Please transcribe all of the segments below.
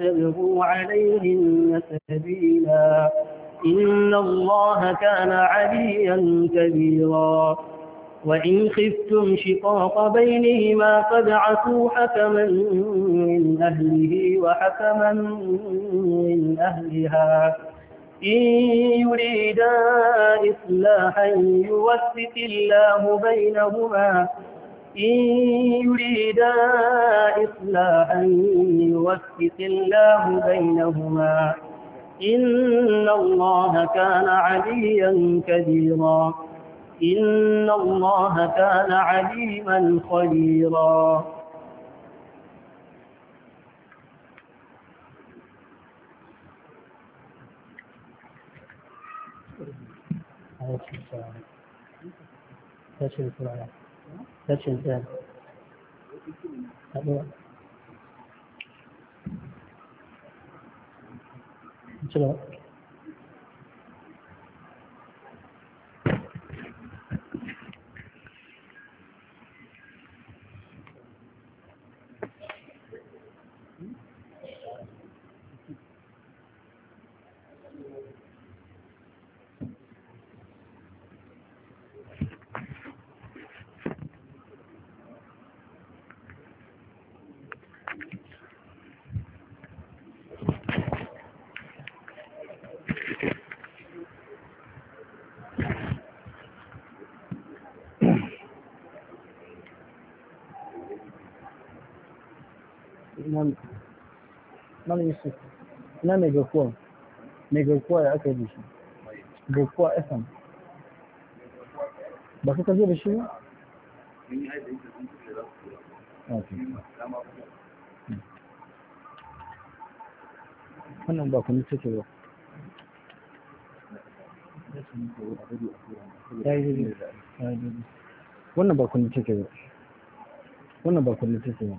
تبغوا عليهن سبيلا إن الله كان عليا كبيرا وإن خفتم شقاق بينهما فابعثوا حكما من أهله وحكما من أهلها إن يريدا إصلاحا يوفق الله بينهما إن يريدا إصلاحا يوفق الله بينهما إن الله كان عليا كبيرا إن الله كان عليما خبيرا عليكم السلام. rashin tsaya haɗuwa Thank you. mal yusuf mai garkuwa mai garkuwa ya aka yi da shi garkuwa ka da wannan ba kuma take ba wannan ba kuma wannan ba kuma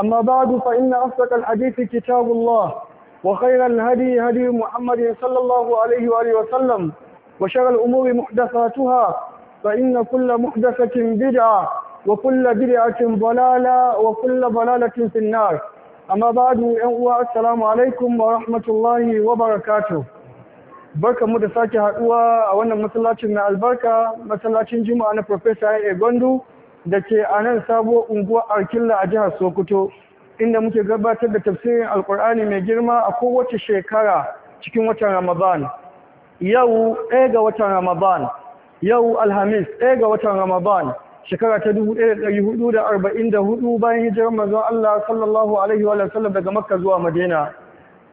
أما بعد فإن أصدق الحديث كتاب الله وخير الهدي هدي محمد صلى الله عليه وآله وسلم وشر الأمور محدثاتها فإن كل محدثة بدعة وكل بدعة ضلالة وكل ضلالة في النار أما بعد السلام عليكم ورحمة الله وبركاته barka mu da sake haduwa a wannan masallacin na albarka masallacin juma'a na professor Egondu da ke a nan sabuwar unguwar arkilla a jihar sokoto inda muke gabatar da tafsirin alkur'ani mai girma a kowace shekara cikin watan ramadan yau ɗaya ga watan ramadan yau alhamis ɗaya ga watan ramadan shekara ta 1444 bayan hijirar mazan Allah sallallahu alaihi wa sallam daga makka zuwa madina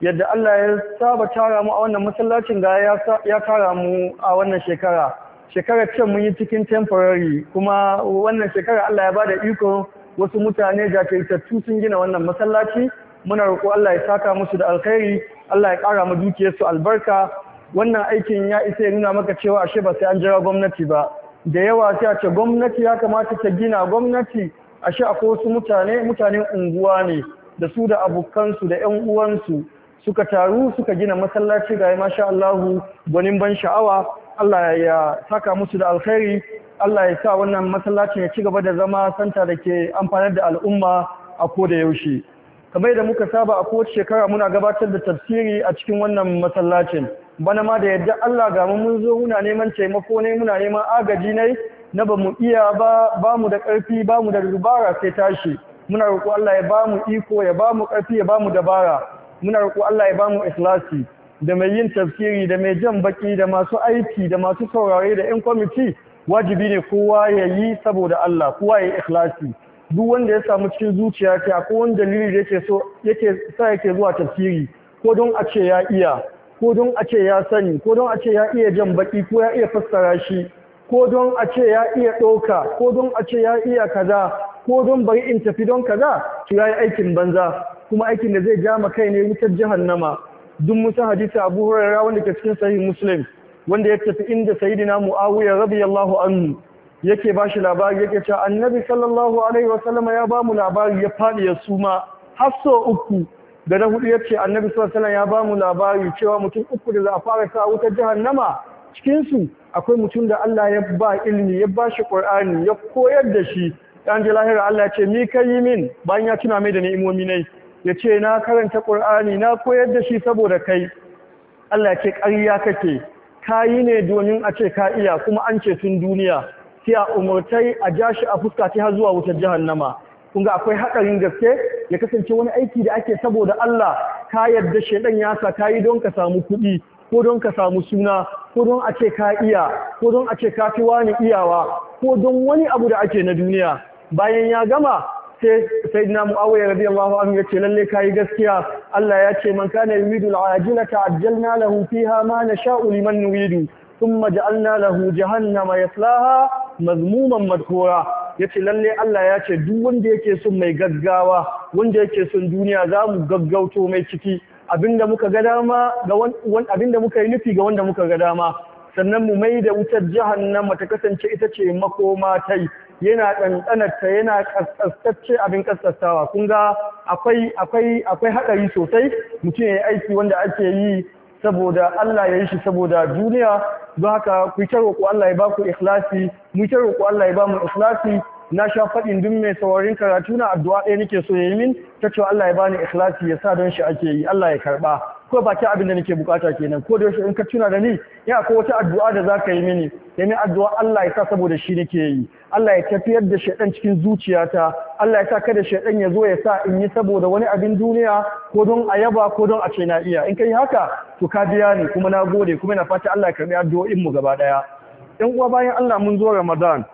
yadda Allah ya saba tara mu a wannan masallacin gaya ya tara mu a wannan shekara shekarar can mun yi cikin temporary kuma wannan shekara Allah ya ba da iko wasu mutane ta sun gina wannan masallaci muna roƙo Allah ya saka musu da alkhairi Allah ya ƙara mu dukiyarsu albarka wannan aikin ya isa ya nuna maka cewa ashe ba sai an jira gwamnati ba da yawa sai a ce gwamnati ya kamata ta gina gwamnati ashe akwai wasu mutane mutanen unguwa ne da su da abokansu da ƴan uwansu suka taru suka gina masallaci ga masha Allahu gwanin ban sha'awa Allah ya saka musu da alkhairi Allah ya sa wannan masallacin ya ci gaba da zama santa da ke amfanar da al'umma a koda yaushe kamar da muka saba a kowace shekara muna gabatar da tafsiri a cikin wannan masallacin bana ma da yadda Allah ga mu mun zo muna neman taimako ne muna neman agaji ne na ba mu iya ba ba mu da ƙarfi ba mu da dubara sai tashi muna roƙo Allah ya ba mu iko ya ba mu ƙarfi ya ba mu dabara muna roƙo Allah ya ba mu ikhlasi da mai yin tafsiri da mai jan baki da masu aiki da masu saurare da 'yan kwamiti wajibi ne kowa ya yi saboda Allah kowa ya yi ikhlasi duk wanda ya samu cikin zuciya ta ko wani dalili da yake so sa yake zuwa tafsiri ko don a ce ya iya ko don a ce ya sani ko don a ce ya iya jan baki ko ya iya fassara shi ko don a ce ya iya ɗauka ko don a ce ya iya kaza ko don bari in tafi don kaza to ya yi aikin banza kuma aikin da zai ja kai ne wutar jahannama duk musan hadisi abu hurairah wanda ke cikin sahih muslim wanda ya tafi inda sayyidina muawiya radiyallahu anhu yake ba shi labari yake cewa annabi sallallahu alaihi sallam ya ba mu labari ya fadi ya suma har so uku da na hudu yace annabi sallallahu alaihi ya ba mu labari cewa mutum uku da za a fara sa wutar jahannama cikin su akwai mutum da Allah ya ba ilmi ya ba shi Qur'ani ya koyar da shi dan jilahira Allah ya ce ni kai min bayan ya tuna mai da ni'imomi nai ya ce na karanta ƙur'ani na koyar da shi saboda kai Allah ce ƙarya kake ka yi ne domin a ce ka iya kuma an ce tun duniya sai a umartai a ja shi a fuska har zuwa wutar jahannama Kunga ga akwai haƙarin gaske ya kasance wani aiki da ake saboda Allah ka yadda shaidan ya sa ka yi don ka samu kuɗi ko don ka samu suna ko don a ce ka iya ko don a ce ka fi wani iyawa ko don wani abu da ake na duniya bayan ya gama sai sayyidina muawiya radiyallahu anhu yace lalle kayi gaskiya Allah ya ce man kana yuridu al-ajilata ajjalna lahu fiha ma nasha'u liman nuridu thumma ja'alna lahu jahannama yaslaha mazmuman madhura yace lalle Allah ya ce duk wanda yake son mai gaggawa wanda yake son duniya za mu gaggauto mai ciki abinda muka ga dama abinda muka yi nufi ga wanda muka ga dama sannan mu mai da wutar jahannama ta kasance ita ce makoma ta yi yana ɗanɗanarta yana ƙasƙasƙacce abin ƙasƙasawa kun ga akwai akwai akwai haɗari sosai mutum ya yi aiki wanda ake yi saboda Allah ya yi shi saboda duniya don haka ku yi ta roƙo Allah ya ba ku ikhlasi mu yi roƙo Allah ya ba mu ikhlasi na sha faɗin duk mai saurin karatu na addu'a ɗaya nake so ya yi min ta cewa Allah ya bani ikhlasi ya sa don shi ake yi Allah ya karɓa ko bakin abin da nake bukata kenan ko da yaushe in ka tuna da ni ya ko wata addu'a da zaka yi mini da addu'a Allah ya sa saboda shi nake yi Allah ya tafiyar da shaidan cikin zuciyata Allah ya sa kada shaidan ya zo ya sa in yi saboda wani abin duniya ko don a yaba ko don a ce na iya in kai haka to ka biya ni kuma na gode kuma na fata Allah ya karbi addu'o'in mu gaba daya ɗan uwa bayan Allah mun zo Ramadan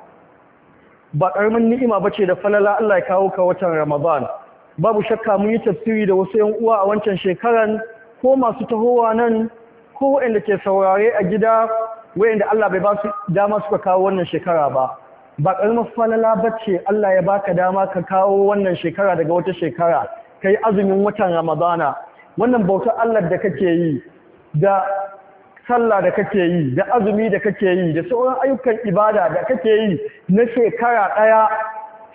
ba ƙaramin ni'ima bace da falala Allah ya kawo ka watan Ramadan babu shakka mun yi tafsiri da wasu 'yan uwa a wancan shekaran ko masu tahowa nan ko waɗanda ke saurare a gida waɗanda Allah bai ba su dama suka kawo wannan shekara ba ba ƙarfin falala ba ce Allah ya baka dama ka kawo wannan shekara daga wata shekara ka yi azumin watan Ramadana wannan bautar Allah da kake yi da sallah da kake yi da azumi da kake yi da sauran ayyukan ibada da kake yi na shekara ɗaya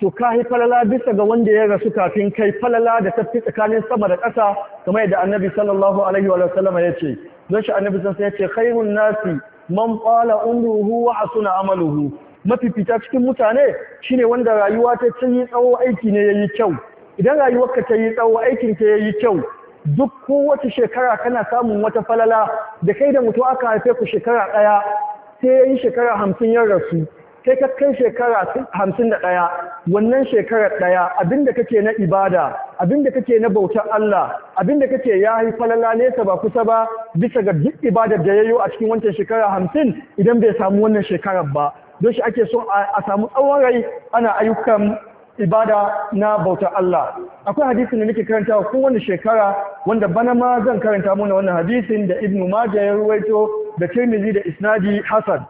to ka yi falala bisa ga wanda ya rasu kafin kai falala da tafi tsakanin sama da ƙasa kamar yadda annabi sallallahu alaihi wa sallama ya ce don shi annabi sun ya ce khairun nasi man qala umruhu wa hasuna amaluhu mafifita cikin mutane shine wanda rayuwa ta ta yi tsawo aiki ne yayi kyau idan rayuwar ka ta yi tsawo aikin ta yayi kyau duk kowace shekara kana samun wata falala da kai da mutu aka haife ku shekara ɗaya sai ya yi shekara hamsin ya rasu kai ka kai shekara hamsin da ɗaya wannan shekarar ɗaya abinda kake na ibada abinda kake na bautar Allah abinda kake ya yi falala nesa ba kusa ba bisa ga duk ibadar da yayo a cikin wancan shekara hamsin idan bai samu wannan shekarar ba don shi ake so a samu tsawon rai ana ayyukan ibada na bautar Allah akwai hadisin da nake karanta wani shekara wanda bana ma zan karanta muna wannan hadisin da Ibn Majah ya ruwaito da Tirmidhi da Isnadi Hasan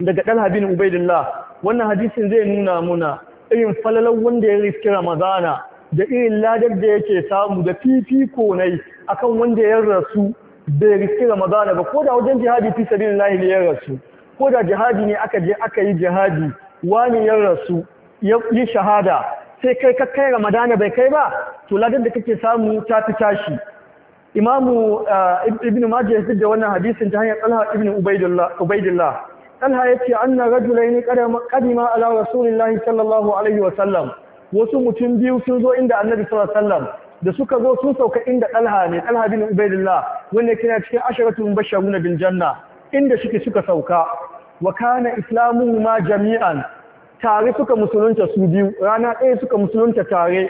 daga Talha bin Ubaidillah wannan hadisin zai nuna muna irin falalar wanda ya riski ramadana da irin ladar da yake samu da fifiko a akan wanda ya rasu bai riski ramadana ba ko da wajen jihadi fi sabilillahi ne ya rasu ko da jihadi ne aka je aka yi jihadi wani ya rasu yi shahada sai kai ka kai ramadana bai kai ba to ladar da kake samu ta fi tashi imamu uh, ibn majah ya da wannan hadisin ta hanyar talha ibn ubaidillah talha ya ce an na ne kadima ala rasulillahi sallallahu alaihi wasallam wasu mutum biyu sun zo inda annabi sallallahu da suka zo sun sauka inda talha ne talha bin ubaidillah wanda kina cikin asharatun basharun bil janna inda shike suka sauka wa kana islamu ma jami'an tare suka musulunta su biyu rana ɗaya suka musulunta tare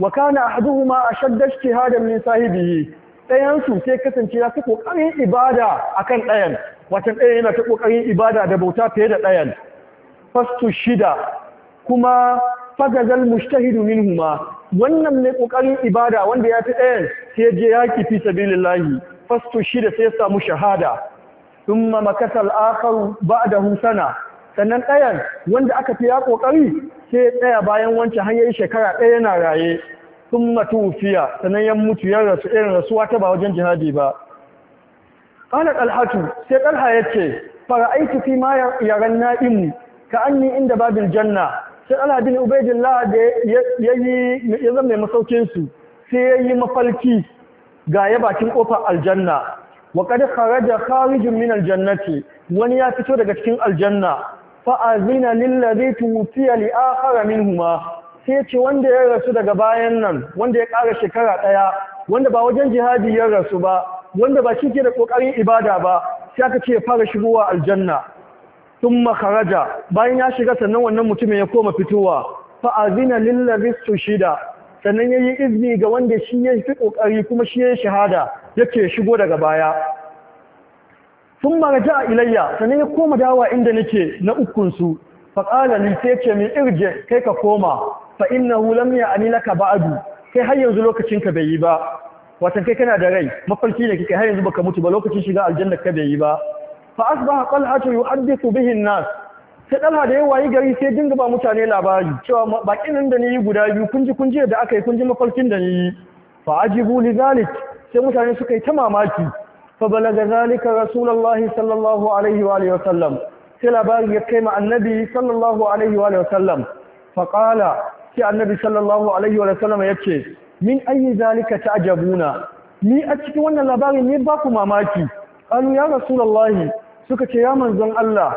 wa kana ahaduhuma ashadda ijtihadan min sahibihi ɗayan su sai kasance ya fi ƙoƙarin ibada a kan ɗayan watan ɗaya yana ta ƙoƙarin ibada da bauta fiye da ɗayan fastu shida kuma fagagal mushtahidu huma wannan mai ƙoƙarin ibada wanda ya fi ɗayan sai je yaƙi fi sabilillahi fastu shida sai ya samu shahada ma makasal ba da sana sannan ɗayan wanda aka fi ya ƙoƙari sai ɗaya bayan wancan har shekara ɗaya yana raye sun matu matufiya sanan yan mutu ya rasu irin rasuwa ta ba wajen jihadi ba ƙanar alhatu sai ƙalha ya ce fara aiki fi ma yaren na'imu ka ni inda babin janna sai ƙalha bin ubaidillah da ya yi ya zama masaukinsu sai ya yi mafalki ga ya bakin ƙofar aljanna wa kada kharaja kharijun min ce wani ya fito daga cikin aljanna fa azina lil ladhi tuwfiya li akhara sai ce wanda ya rasu daga bayan nan wanda ya ƙara shekara ɗaya wanda ba wajen jihadi ya rasu ba wanda ba shi ke da ƙoƙarin ibada ba sai aka ce ya fara shigowa aljanna sun makaraja bayan ya shiga sannan wannan mutumin ya koma fitowa fa'azina lillaris shida sannan ya yi izini ga wanda shi ya fi ƙoƙari kuma shi ya yi shahada yake shigo daga baya sun a ilayya sannan ya koma dawa inda nake na ukunsu faƙala ni sai ce min irje kai ka koma fa innahu lam ya'ni laka ba'du kai har yanzu lokacin ka bai yi ba watan kai kana da rai mafarki ne kai har yanzu baka mutu ba lokacin shiga aljanna ka bai yi ba fa asbaha qalhatu yuhaddithu bihi an-nas sai dalha da yawayi gari sai dinga ba mutane labari cewa bakin nan da ni guda biyu kun ji kun ji da aka yi kun ji mafarkin da ni fa ajibu li zalik sai mutane suka yi ta mamaki fa balaga zalika rasulullahi sallallahu alaihi wa alihi wa sallam sai labarin ya kai ma annabi sallallahu alaihi wa sallam faƙala sai annabi sallallahu alaihi wa sallama ya ce min ayi zalika ta'jabuna ni a cikin wannan labarin ne ba ku mamaki qalu ya rasulullahi suka ce ya manzon Allah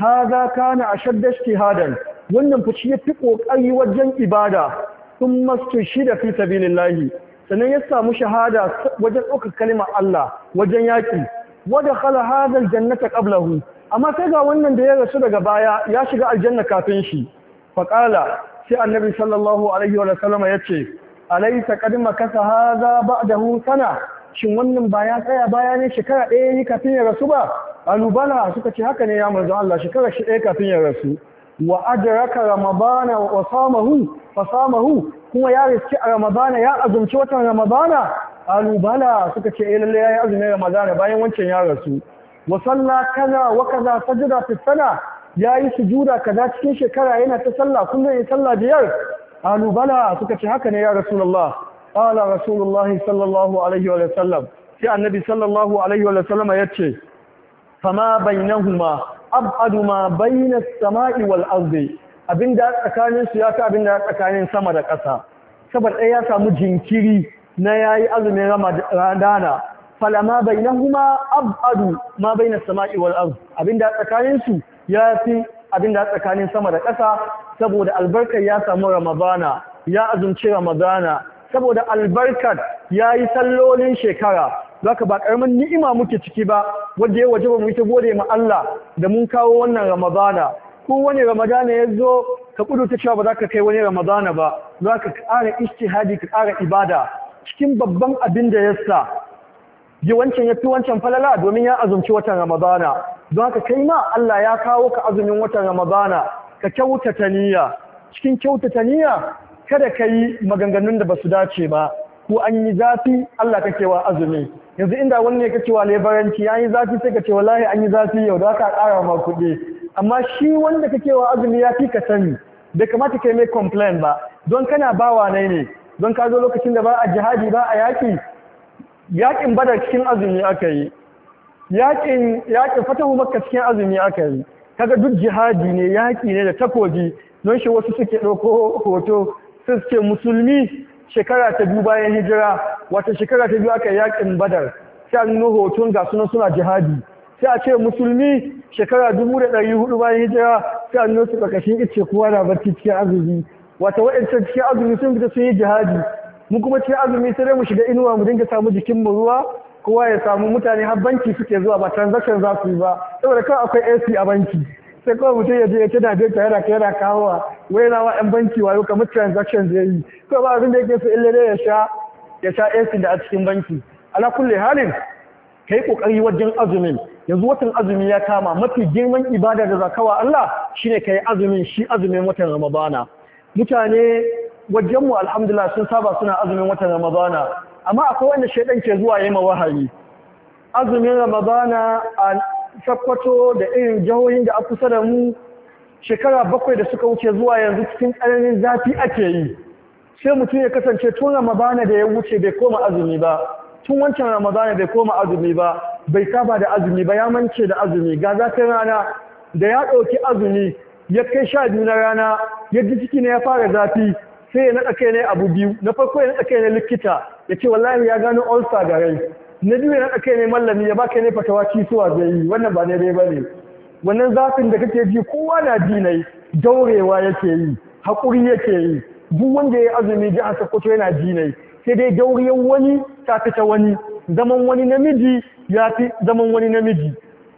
na a shaddar ijtihadan wannan fushi ya fi ƙoƙari wajen ibada sun shi da fi sabilillahi sannan ya samu shahada wajen ɗaukar kalimar Allah wajen yaƙi wadda khala hadha jannata qablahu amma sai ga wannan da ya rasu daga baya ya shiga aljanna kafin shi faqala sai annabi sallallahu alaihi wa sallama ya ce alaisa qad makasa hadha ba'dahu sana shin wannan ba ya tsaya baya ne shekara ɗaya ne kafin ya rasu ba alubala suka ce haka ne ya manzo Allah shekara shi ɗaya kafin ya rasu wa adraka ramadana wa samahu fa samahu kuma ya riski a ramadana ya azumci watan ramadana alubala suka ce eh lalle yayi azumin ramadana bayan wancan ya rasu wa salla kaza wa kaza sajada fi sana yayi sujuda kaza cikin shekara yana ta sallah kullum ya sallah biyar qalu bala suka ce haka ne ya rasulullah qala rasulullah sallallahu alaihi wa sallam sai annabi sallallahu alaihi wa sallam ce. fama bainahuma abadu ma bayna as-sama'i wal ardi abinda tsakanin su ya ta abinda tsakanin sama da ƙasa saboda ya samu jinkiri na yayi azumin ramadana falama bainahuma abadu ma baina samai wal ard abinda tsakanin su yafi abinda tsakanin sama da ƙasa saboda albarkar ya samu ramadana ya azumci ramadana saboda albarkar yayi sallolin shekara zaka ba karamin ni'ima muke ciki ba wanda ya wajaba mu ta gode ma Allah da mun kawo wannan ramadana ko wani ramadana ya zo ka kudu ta cewa ba za ka kai wani ramadana ba za ka ƙara istihadi ka ƙara ibada cikin babban abin da ya sa Yi wancan ya fi wancan falala domin ya azumci watan ramadana don haka kai ma Allah ya kawo ka azumin watan ramadana ka ta niyya cikin ta niyya kada ka yi maganganun da ba su dace ba ko an yi zafi Allah kake wa azumi yanzu inda wani ne kake lebaranci ya yi zafi sai ka ce wallahi an yi zafi yau da aka ƙara ma kuɗi amma shi wanda kake wa azumi ya fi ka sani bai kamata kai mai complain ba don kana bawa ne ne don ka zo lokacin da ba a jihadi ba a yaƙi yaƙin badar cikin azumi aka yi yaƙin yaƙin fatahu makka cikin azumi aka yi kaga duk jihadi ne yaƙi ne da takobi don shi wasu suke ɗauko hoto sun suke musulmi shekara ta biyu bayan hijira wata shekara ta biyu aka yaƙin badar sai an nuna hoton ga suna suna jihadi sai a ce musulmi shekara dubu da ɗari hudu bayan hijira sai an nuna su ƙarƙashin ice kowa na barci cikin azumi wata waɗancan cikin azumi sun fita sun yi jihadi mu kuma ce azumi sai dai mu shiga inuwa mu dinga samu jikin mu ruwa kowa ya samu mutane har banki suke zuwa ba transaction za su yi ba saboda kawai akwai AC a banki sai kawai mutum ya je ya ce da bai da kai yana kawowa wai na wa ɗan banki wayo kamar transaction zai yi kawai ba abin da yake so illa dai ya sha ya sha AC da a cikin banki ala kulli halin kai kokari wajen azumin yanzu watan azumi ya kama mafi girman ibada da zakawa Allah shine kai azumin shi azumin watan Ramadana mutane wajenmu alhamdulillah sun saba suna azumin watan ramadana amma akwai wanda shaidan ke zuwa yi ma azumin ramadana a sakwato da irin jahohin da a kusa da mu shekara bakwai da suka wuce zuwa yanzu cikin tsananin zafi ake yi sai mutum ya kasance tun ramadana da ya wuce bai koma azumi ba tun wancan ramadana bai koma azumi ba bai saba da azumi ba ya mance da azumi ga zafin rana da ya ɗauki azumi ya kai sha biyu na rana ya ji ciki ne ya fara zafi sai ya naɗa kai ne abu biyu na farko ya naɗa kai ne likita ya ce wallahi ya gano olsa ga rai na biyu ya naɗa kai ne mallami ya baka ne fatawa kisuwa zai yi wannan ba daidai ba ne wannan zafin da kake ji kowa na ji daurewa yake yi haƙuri yake yi duk wanda ya yi azumi ji a sakkwato yana ji sai dai dauriyar wani ta fita wani zaman wani namiji ya fi zaman wani namiji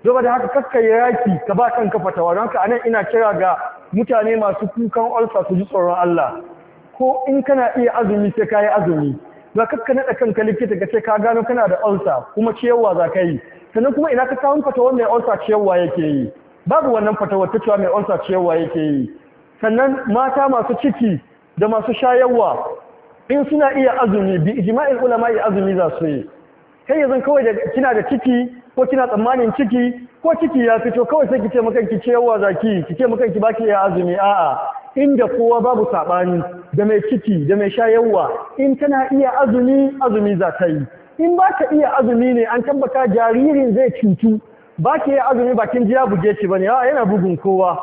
zama da haka kaska ya yaki ka ba kanka fatawa don haka anan ina kira ga mutane masu kukan ulcer su ji tsoron Allah ko in kana iya azumi sai ka yi azumi ba kakka naɗa kanka likita ka ce ka gano kana da ulcer kuma ciyarwa za ka yi sannan kuma ina ka fatawar mai ulcer ciyarwa yake yi babu wannan fatawa ta cewa mai ulcer ciyarwa yake yi sannan mata masu ciki da masu shayarwa in suna iya azumi bi ijma'il ulama ya azumi za su yi kai yanzu kawai da kina da ciki ko kina tsammanin ciki ko ciki ya fito kawai sai ki ce ki ciyarwa zaki ki ce ki baki ya azumi a'a inda kowa babu saɓani da mai ciki da mai shayarwa in tana iya azumi azumi za ta yi in ba ka iya azumi ne an tabbata jaririn zai cutu ba ka iya azumi bakin jiya buge ba bane a yana bugun kowa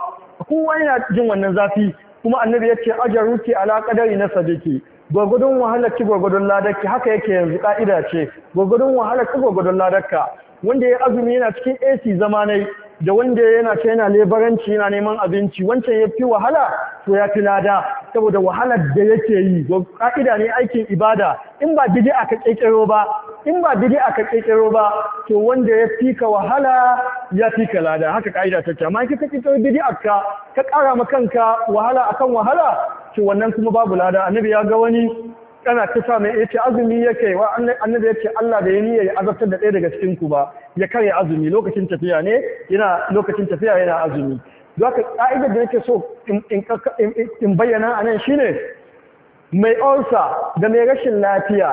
kowa yana jin wannan zafi kuma annabi ya ce ajaruki ala kadari na sadiki gwagwadon wahalar ki gwagwadon ladarki haka yake yanzu ka'ida ce gwagwadon wahalar ki gwagwadon ladarka wanda ya azumi yana cikin AC zamanai da wanda yana ce yana lebaranci yana neman abinci wancan ya fi wahala to ya fi lada saboda wahalar da yake yi don ka'ida ne aikin ibada in ba bidi aka kekero ba in ba bidi aka kekero ba to wanda ya fi ka wahala ya fi ka lada haka ka'ida ta, amma kika kekero bidi aka ka kara ma kanka wahala akan wahala to wannan kuma babu lada annabi ya ga wani kana ta sa mai yace azumi yake wa annabi yake Allah da ya niyya ya azabtar da ɗaya daga cikin ku ba ya karya azumi lokacin tafiya ne yana lokacin tafiya yana azumi zaka ka'idar da yake so in bayyana anan shine mai ulsa da mai rashin lafiya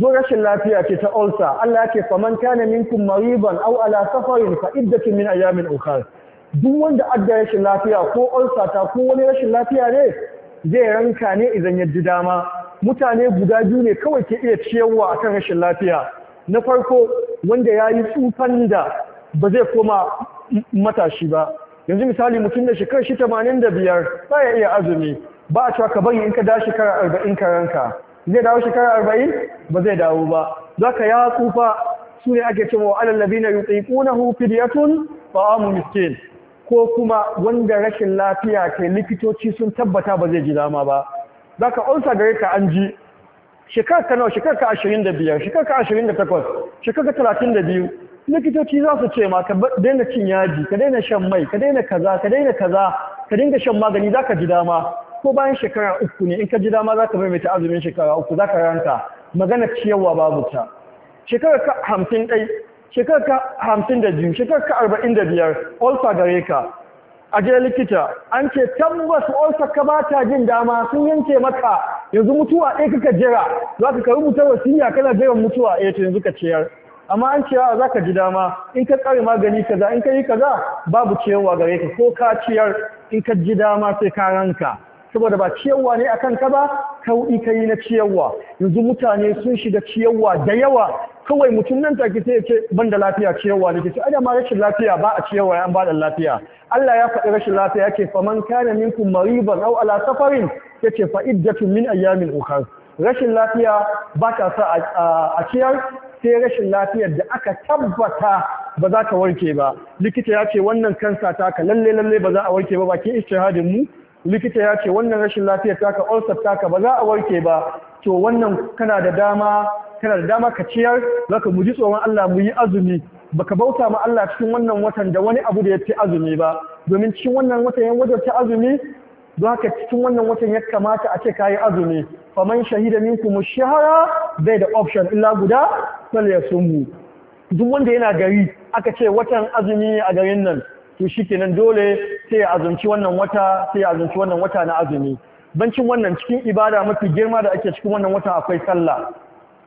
zo rashin lafiya ce ta ulsa Allah yake faman kana minkum mariban aw ala safarin fa iddatu min ayamin ukhra duk wanda adda rashin lafiya ko ulsa ta ko wani rashin lafiya ne zai ranka ne idan ya ji dama mutane guda biyu ne kawai ke iya ciyarwa a kan rashin lafiya na farko wanda ya yi tsufan da ba zai koma matashi ba yanzu misali mutum da shekarar shi tamanin da biyar ba ya iya azumi ba a cewa ka bari in ka da shekara arba'in ka ranka zai dawo shekara arba'in ba zai dawo ba za ka ya tsufa su ne ake cewa alallabi na yutsi ƙunahu Ba fa'amu miskin ko kuma wanda rashin lafiya ke likitoci sun tabbata ba zai ji dama ba za ka onsa gare ka an ji shekar ka nawa shekar ka ashirin da biyar shekar ka ashirin da takwas shekar ka talatin da biyu likitoci za su ce ma ka daina cin yaji ka daina shan mai ka daina kaza ka daina kaza ka dinga shan magani za ka ji dama ko bayan shekara uku ne in ka ji dama za ka maimaita azumin shekara uku za ka ranka magana ciyarwa babu ta shekara ka hamsin ɗai shekarka hamsin da biyu shekarka arba'in da biyar olfa gare ka a je likita an ce tabbas olfa ka ba ta jin dama sun yanke maka yanzu mutuwa ɗaya kaka jira za ka rubuta wasiya kana jiran mutuwa ɗaya ta yanzu ka ciyar amma an cewa za ka ji dama in ka tsare magani kaza in ka yi kaza babu ciyarwa gare ka ko ka ciyar in ka ji dama sai ka ranka saboda ba ciyarwa ne akan ka ba kauɗi ka na ciyarwa yanzu mutane sun shiga ciyarwa da yawa kawai mutum nan take sai ya ce ban da lafiya ciyarwa ne ce ai rashin lafiya ba a ciyarwa an ba da lafiya Allah ya faɗi rashin lafiya yake faman kana minkum mariban aw ala safarin yace fa iddatun min ayyamin ukhar rashin lafiya ba ta sa a ciyar sai rashin lafiyar da aka tabbata ba za ka warke ba likita ya ce wannan kansa ta ka lalle lalle ba za a warke ba bakin ishtihadin mu likita ya ce wannan rashin lafiyar taka ulcer taka ba za a warke ba to wannan kana da dama kana da dama ka ciyar zaka muji tsoron Allah mu yi azumi baka bauta ma Allah cikin wannan watan da wani abu da ya fi azumi ba domin cikin wannan watan ya ta azumi don haka cikin wannan watan ya kamata a ce kayi azumi faman shahida minkum shahara bai da option illa guda fal sumu duk wanda yana gari aka ce watan azumi a garin nan to shikenan dole sai ya azumci wannan wata sai ya azumci wannan wata na azumi bancin wannan cikin ibada mafi girma da ake cikin wannan wata akwai sallah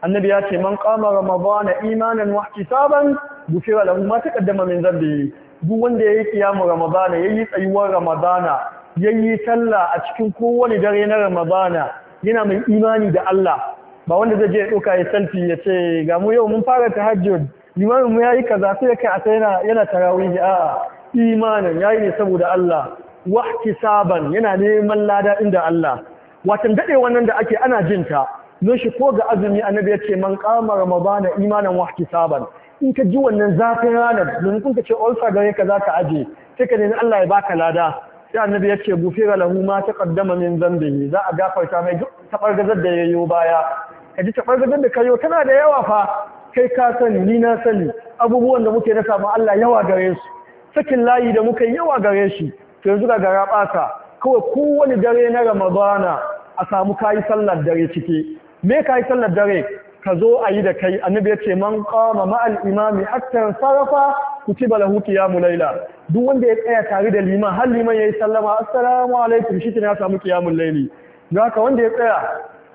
annabi ya ce man qama ramadana imanan wa ihtisaban gufira lahu ma taqaddama min dhanbi duk wanda yayi kiyamu ramadana yayi tsayuwar ramadana yayi sallah a cikin kowane dare na ramadana yana mai imani da Allah ba wanda zai je ya ya selfie ya ce ga mu yau mun fara tahajjud limamin mu yayi kaza sai kai a sai yana yana tarawih a'a imanin yayi ne saboda Allah wahtisaban yana neman lada inda Allah watan daɗe wannan da ake ana jinta don shi ko ga azumi annabi yace man qama ramadana imanan wahtisaban in ka ji wannan zafin ranar don kun ka ce ulsa gare ka zaka aje sai ka nemi Allah ya baka lada sai annabi yace gufira lahu ma taqaddama min zambihi za a gafarta mai duk tabargazar da yayo baya kaji tabargazar da kayo tana da yawa fa kai ka sani ni na sani abubuwan da muke na samu Allah yawa gare su sakin layi da muka yawa gare shi to yanzu ga gara kawai kowane dare na ramadana a samu kayi sallar dare ciki me kayi sallar dare ka zo a yi da kai annabi ya ce man qama ma'al imami hatta sarafa kutiba lahu qiyamu layla duk wanda ya tsaya tare da liman har liman ya yi sallama assalamu alaikum shi ne ya samu qiyamul layli Da haka wanda ya tsaya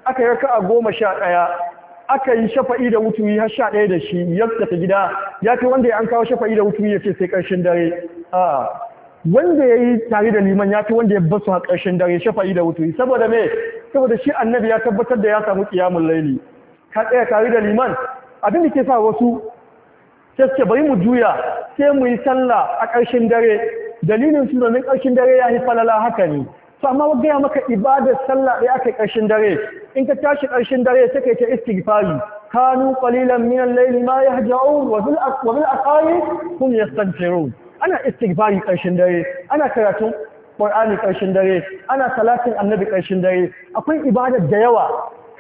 aka yi raka'a goma sha ɗaya aka yi shafa'i da wuturi har sha ɗaya da shi ya tafi gida ya fi wanda ya an kawo shafa'i da wuturi ya ce sai ƙarshen dare a wanda ya yi tare da liman ya fi wanda ya basu a ƙarshen dare shafa'i da wuturi saboda me saboda shi annabi ya tabbatar da ya samu ƙiyamun laili ka tsaya tare da liman abin da ke sa wasu sai bari mu juya sai mu yi sallah a ƙarshen dare dalilin su domin ƙarshen dare ya yi falala haka ne to gaya maka ibadar sallah da aka ƙarshen dare in ka tashi ƙarshen dare sai kai ta istighfari kanu qalilan min al-layli ma yahja'un wa bil wa bil aqari hum yastaghfirun ana istighfari ƙarshen dare ana karatun Qur'ani ƙarshen dare ana salatin annabi ƙarshen dare akwai ibadar da yawa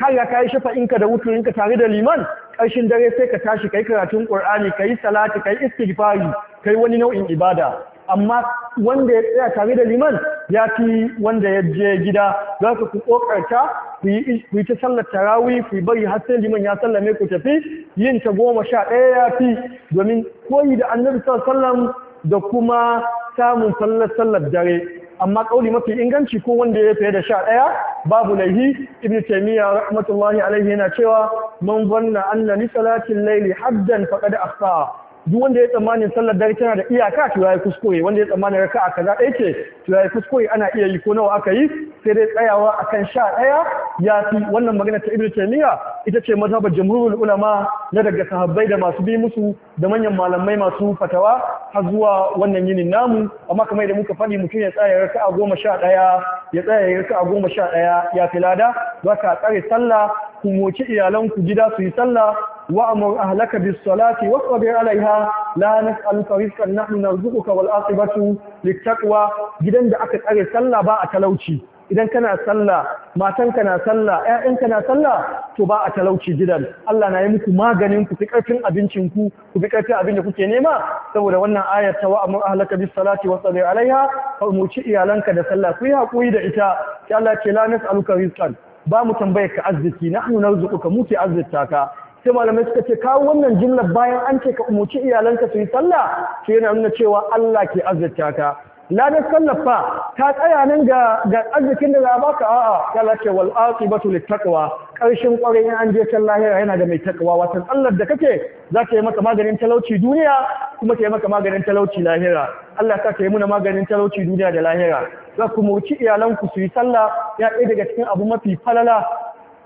kaga kai shafa inka da wuturinka tare da liman ƙarshen dare sai ka tashi kai karatun Qur'ani kai salati kai istighfari kai wani nau'in ibada amma wanda ya tsaya tare da liman ya fi wanda ya je gida za ku ku kokarta ku yi ta sallar tarawih ku bari har sai liman ya sallame ku tafi yin ta goma sha ɗaya ya fi domin koyi da annabi sallam da kuma samun sallar sallar dare amma kauli mafi inganci ko wanda ya fiye da sha ɗaya babu laihi ibn taymiya rahmatullahi alaihi yana cewa man zanna anna li salatin layli haddan da asawa. duk wanda ya tsammanin sallar dare tana da iyaka to yayi kuskure wanda ya tsammanin a kaza dai ce to yayi kuskure ana iya yi ko nawa aka yi sai dai tsayawa akan sha daya ya fi wannan magana ta Ibn Taymiyyah ita ce mazhabar jumhurul ulama na daga sahabbai da masu bi musu da manyan malamai masu fatawa har zuwa wannan yinin namu amma kamar da muka faɗi mutum ya tsaya a goma sha daya ya tsaya raka a goma sha daya ya fi lada za ka tsare sallah ku moci iyalanku gida su yi sallah وأمر أهلك بالصلاة واصبر عليها لا نسألك رزقا نحن نرزقك والعاقبة للتقوى gidan da aka tsare sallah ba a talauci idan kana sallah matanka na sallah ƴaƴanka na sallah to ba a talauci gidan Allah na yi muku maganin ku fi karfin abincin ku ku fi karfin abin da kuke nema saboda wannan ayat ta wa'amur ahlaka bis salati wa sabir alaiha fa umuci iyalanka da sallah ku yi hakuri da ita sai Allah ce la nas'aluka rizqan ba mu tambayar ka arziki nahnu narzuquka mu ke ka sai malamai suka ce kawo wannan jimlar bayan an ce ka umarci iyalanka su yi sallah shi yana nuna cewa Allah ke azurta ka ladar sallar ta tsaya nan ga arzikin da za baka a'a Allah ce wal aqibatu littakwa karshen kwarin in an je can lahira yana da mai takwa wata tsallar da kake za ta yi maka maganin talauci duniya kuma ta yi maka maganin talauci lahira Allah ta yi muna maganin talauci duniya da lahira za ku muci iyalanku su yi sallah ya ɗaya daga cikin abu mafi falala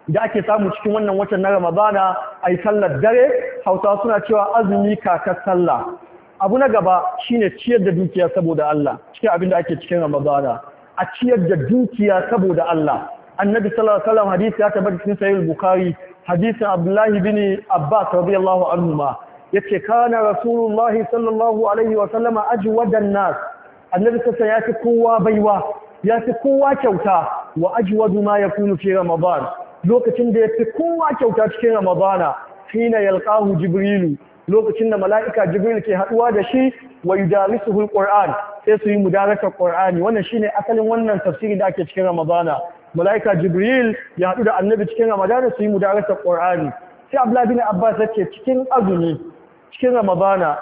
da ake samu cikin wannan watan na Ramadana ai sallar dare Hausawa suna cewa azumi kakar sallah abu na gaba shine ciyar da dukiya saboda Allah cikin abin da ake cikin Ramadana a ciyar da dukiya saboda Allah annabi sallallahu alaihi wasallam hadisi ya tabbata cikin sahih bukhari hadisin abdullahi ibn abbas radiyallahu anhu ma yace kana rasulullah sallallahu alaihi wasallam ajwadan nas annabi sallallahu ya fi kowa baiwa ya fi kowa kyauta wa ajwadu ma yakunu fi ramadan lokacin da ya fi kowa kyauta cikin ramadana hina yalƙahu jibrilu lokacin da mala'ika jibril ke haɗuwa da shi wa yudalisuhu alquran sai su yi mudarakar qur'ani wannan ne asalin wannan tafsiri da ake cikin ramadana mala'ika jibril ya haɗu da annabi cikin ramadana su yi mudarakar qur'ani sai abdullahi bin abbas yake cikin azumi cikin ramadana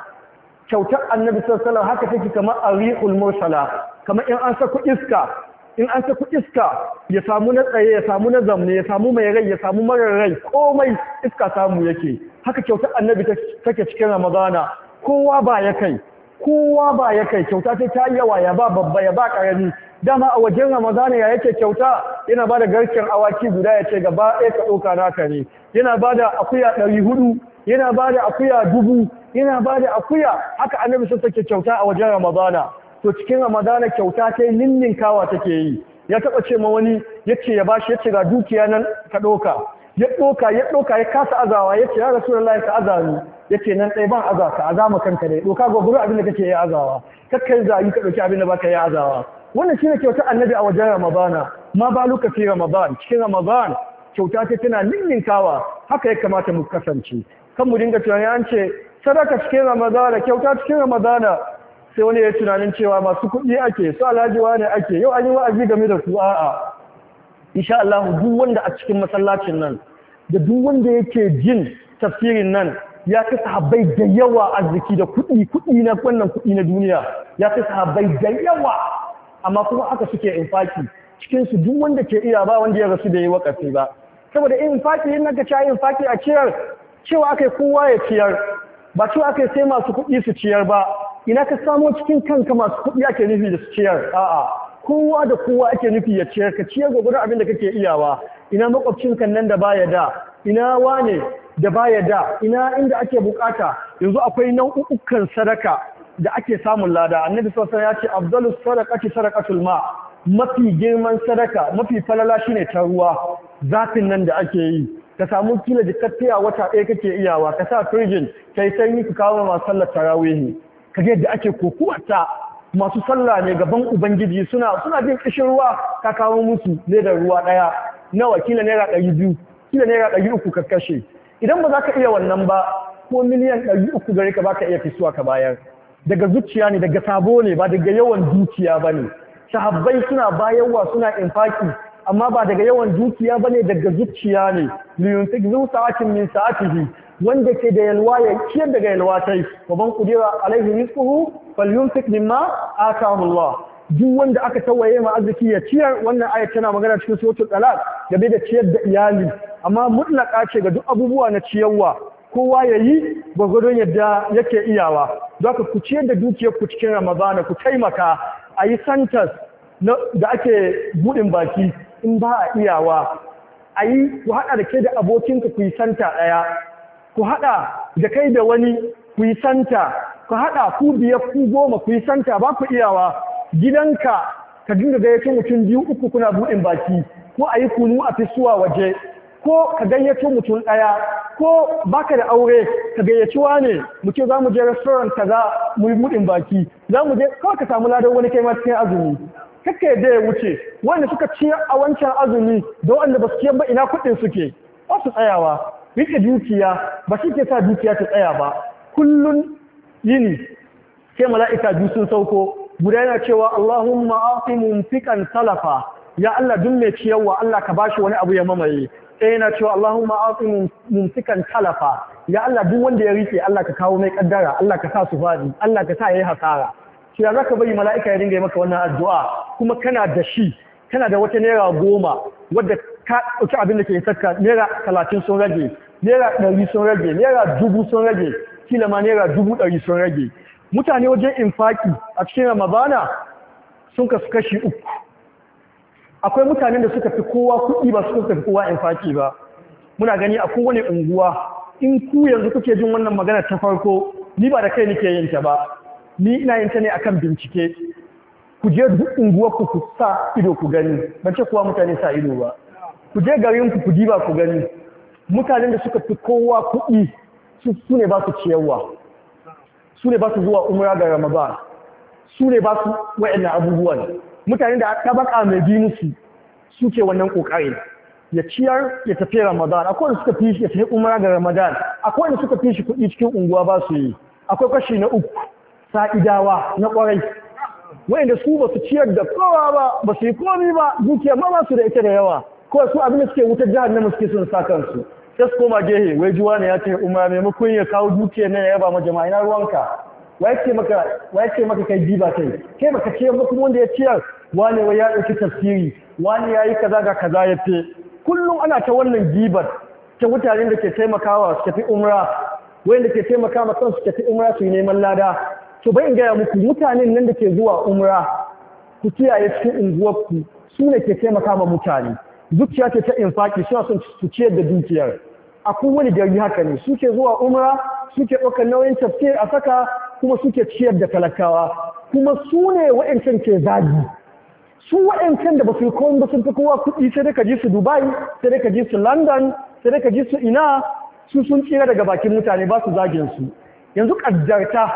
kyautar annabi sallallahu haka take kamar arihul mursala kamar in an sako iska in an saku iska ya samu na tsaye ya samu na zamne ya samu mai rai ya samu marar rai komai iska samu yake haka kyautar annabi take cikin ramadana kowa ba ya kai kowa ba ya kai kyauta sai ta yawa ya ba babba ya ba karami dama a wajen ramadana ya yake kyauta yana ba da garken awaki guda ya ce gaba ɗaya ka ɗauka naka ne yana ba da akuya ɗari hudu yana ba da akuya dubu yana ba da akuya haka annabi sun sake kyauta a wajen ramadana to cikin ramadana kyauta ta kawa take yi ya taba ce ma wani ya ce ya bashi ce ga dukiya nan ka doka ya doka ya doka ya kasa azawa ce ya rasulullahi ka azami ce nan dai ban azaka. ka azama kanka ne doka ga gurin abin da kake yi azawa kakkan zayi ka doki abin da baka yi azawa wannan ne kyauta annabi a wajen ramadana ma ba luka ramadan cikin ramadan kyauta ce tana ninninkawa haka ya kamata mu kasance kan mu dinga tunani an ce sadaka cikin ramadana kyauta cikin ramadana sai wani ya tunanin cewa masu kuɗi ake su alhajiwa ne ake yau an yi wa'azi game da su a'a insha Allah duk wanda a cikin masallacin nan da duk wanda yake jin tafsirin nan ya fi sahabbai da yawa arziki da kuɗi kuɗi na wannan kuɗi na duniya ya fi sahabbai da yawa amma kuma haka suke infaki cikin su duk wanda ke iya ba wanda ya rasu da yi wakafi ba saboda infaki in naka ci infaki a ciyar cewa akai kowa ya ciyar ba cewa aka sai masu kuɗi su ciyar ba ina ka samo cikin kanka masu kuɗi ake nufi da su ciyar a'a kowa da kowa ake nufi ya ciyar ka ciyar gudun abin da kake iyawa ina makwabcinka nan da baya da ina wane da baya da ina inda ake bukata yanzu akwai nau'ukan sadaka da ake samun lada annabi sallallahu ya ce afdalus sadaqati sadaqatul ma mafi girman sadaka mafi falala shine ta ruwa zafin nan da ake yi ka samu kila a wata ɗaya kake iyawa ka sa firjin kai sanyi ka kawo masu sallar tarawihi ka ga yadda ake kokuwata masu sallah ne gaban ubangiji suna suna jin kishin ruwa ka kawo musu ledar ruwa ɗaya nawa kila naira ɗari biyu kila naira ɗari uku ka kashe idan ba za ka iya wannan ba ko miliyan ɗari uku gare ka ba ka iya fisuwa ka bayar daga zuciya ne daga sabo ne ba daga yawan zuciya ba ne sahabbai suna bayarwa suna infaki amma ba daga yawan dukiya ba ne daga zuciya ne liyunfik zu min sa'atihi wanda ke da yalwa ya ciyar daga yalwa tai wa ban alaihi rizquhu falyunfik mimma ataahu Allah duk wanda aka tawaye ma arziki ya ciyar wannan ayat tana magana cikin suratul talaq game da ciyar da iyali amma mutlaka ce ga duk abubuwa na ciyarwa kowa ya yi gwagwadon yadda yake iyawa za ka ku ciyar da dukiyar ku cikin ramadana ku taimaka a yi santas da ake buɗin baki in ba a iyawa a yi ku haɗa da ke da abokinka ku yi santa ɗaya ku haɗa da kai da wani ku yi santa ku haɗa ku biyar ku goma ku yi santa ba ku iyawa gidanka ka dinga gayyato mutum biyu uku kuna buɗin baki ko a yi kunu a fisuwa waje ko ka gayyato mutum ɗaya ko baka da aure ka gayyaci wane mu ce za mu je restaurant za mu yi buɗin baki za mu je kawai ka samu ladan wani kai ma azumi kake da ya wuce wanda suka ciyar a wancan azumi da wanda ba su kiyan ba ina kuɗin suke ba su tsayawa rike dukiya ba shi ke sa dukiya ta tsaya ba Kullum yini sai mala'ika biyu sun sauko guda yana cewa Allahumma afi mumfikan salafa ya Allah dun mai ciyarwa Allah ka bashi wani abu ya mamaye sai yana cewa Allahumma afi mumfikan talafa ya Allah duk wanda ya rike Allah ka kawo mai ƙaddara. Allah ka sa su fadi Allah ka sa yayi hasara shi za ka bari mala'ika ya dinga yi maka wannan addu'a kuma kana da shi kana da wata naira goma wadda ka ɗauki abin da ke saka naira talatin sun rage naira ɗari sun rage naira dubu sun rage kila ma naira dubu ɗari sun rage mutane wajen infaki a cikin ramadana sun kasu kashi uku akwai mutanen da suka fi kowa kuɗi ba suka fi kowa infaki ba muna gani a kowane unguwa in ku yanzu kuke jin wannan magana ta farko ni ba da kai nake yin ta ba ni ina yin ta ne akan bincike ku je duk unguwar ku ku sa ido ku gani ban ce kuwa mutane sa ido ba ku je garin ku ku diba ku gani mutanen da suka fi kowa kuɗi su ne ba su ciyarwa su ne ba su zuwa umra ga ramadan su ne ba su wa'annan abubuwan Mutanen da tabaka mai bi musu suke wannan kokarin ya ciyar ya tafi ramadan akwai wanda suka fi shi ya tafi umra ga ramadan akwai wanda suka fi shi kuɗi cikin unguwa ba su yi akwai kashi na uku sa'idawa na ƙwarai wa'inda su ba su ciyar da kowa ba ba su yi komi ba dukiya ma ba su da ita da yawa kawai su abin da suke wutar jihar na suke sun sa kansu sai su koma gehe wai juwa ne ya ce umar maimakon ya kawo dukiyar na ya ma jama'a ina ruwanka wai ce maka kai diba kai kai baka ce kuma wanda ya ciyar wani wai ya ɗauki tafsiri wani ya yi kaza ga kaza ya ce kullum ana ta wannan gibar ta mutane da ke taimakawa su tafi umra wanda ke taimaka ma kansu tafi umra su yi neman lada to bai gaya muku mutanen nan da ke zuwa umra ku kiyaye cikin unguwarku su ne ke taimaka ma mutane zuciya ce ta infaki suna son su ciyar da dukiyar a kowane gari haka ne su ke zuwa umra su ke ɗaukar nauyin tafke a saka kuma su ke ciyar da talakawa kuma su ne wa'ancan ke zagi su wa'ancan da ba su yi ba sun fi kowa kuɗi sai dai ka ji su dubai sai dai ka ji su london sai dai ka ji su ina su sun tsira daga bakin mutane ba su zagin su yanzu ƙaddarta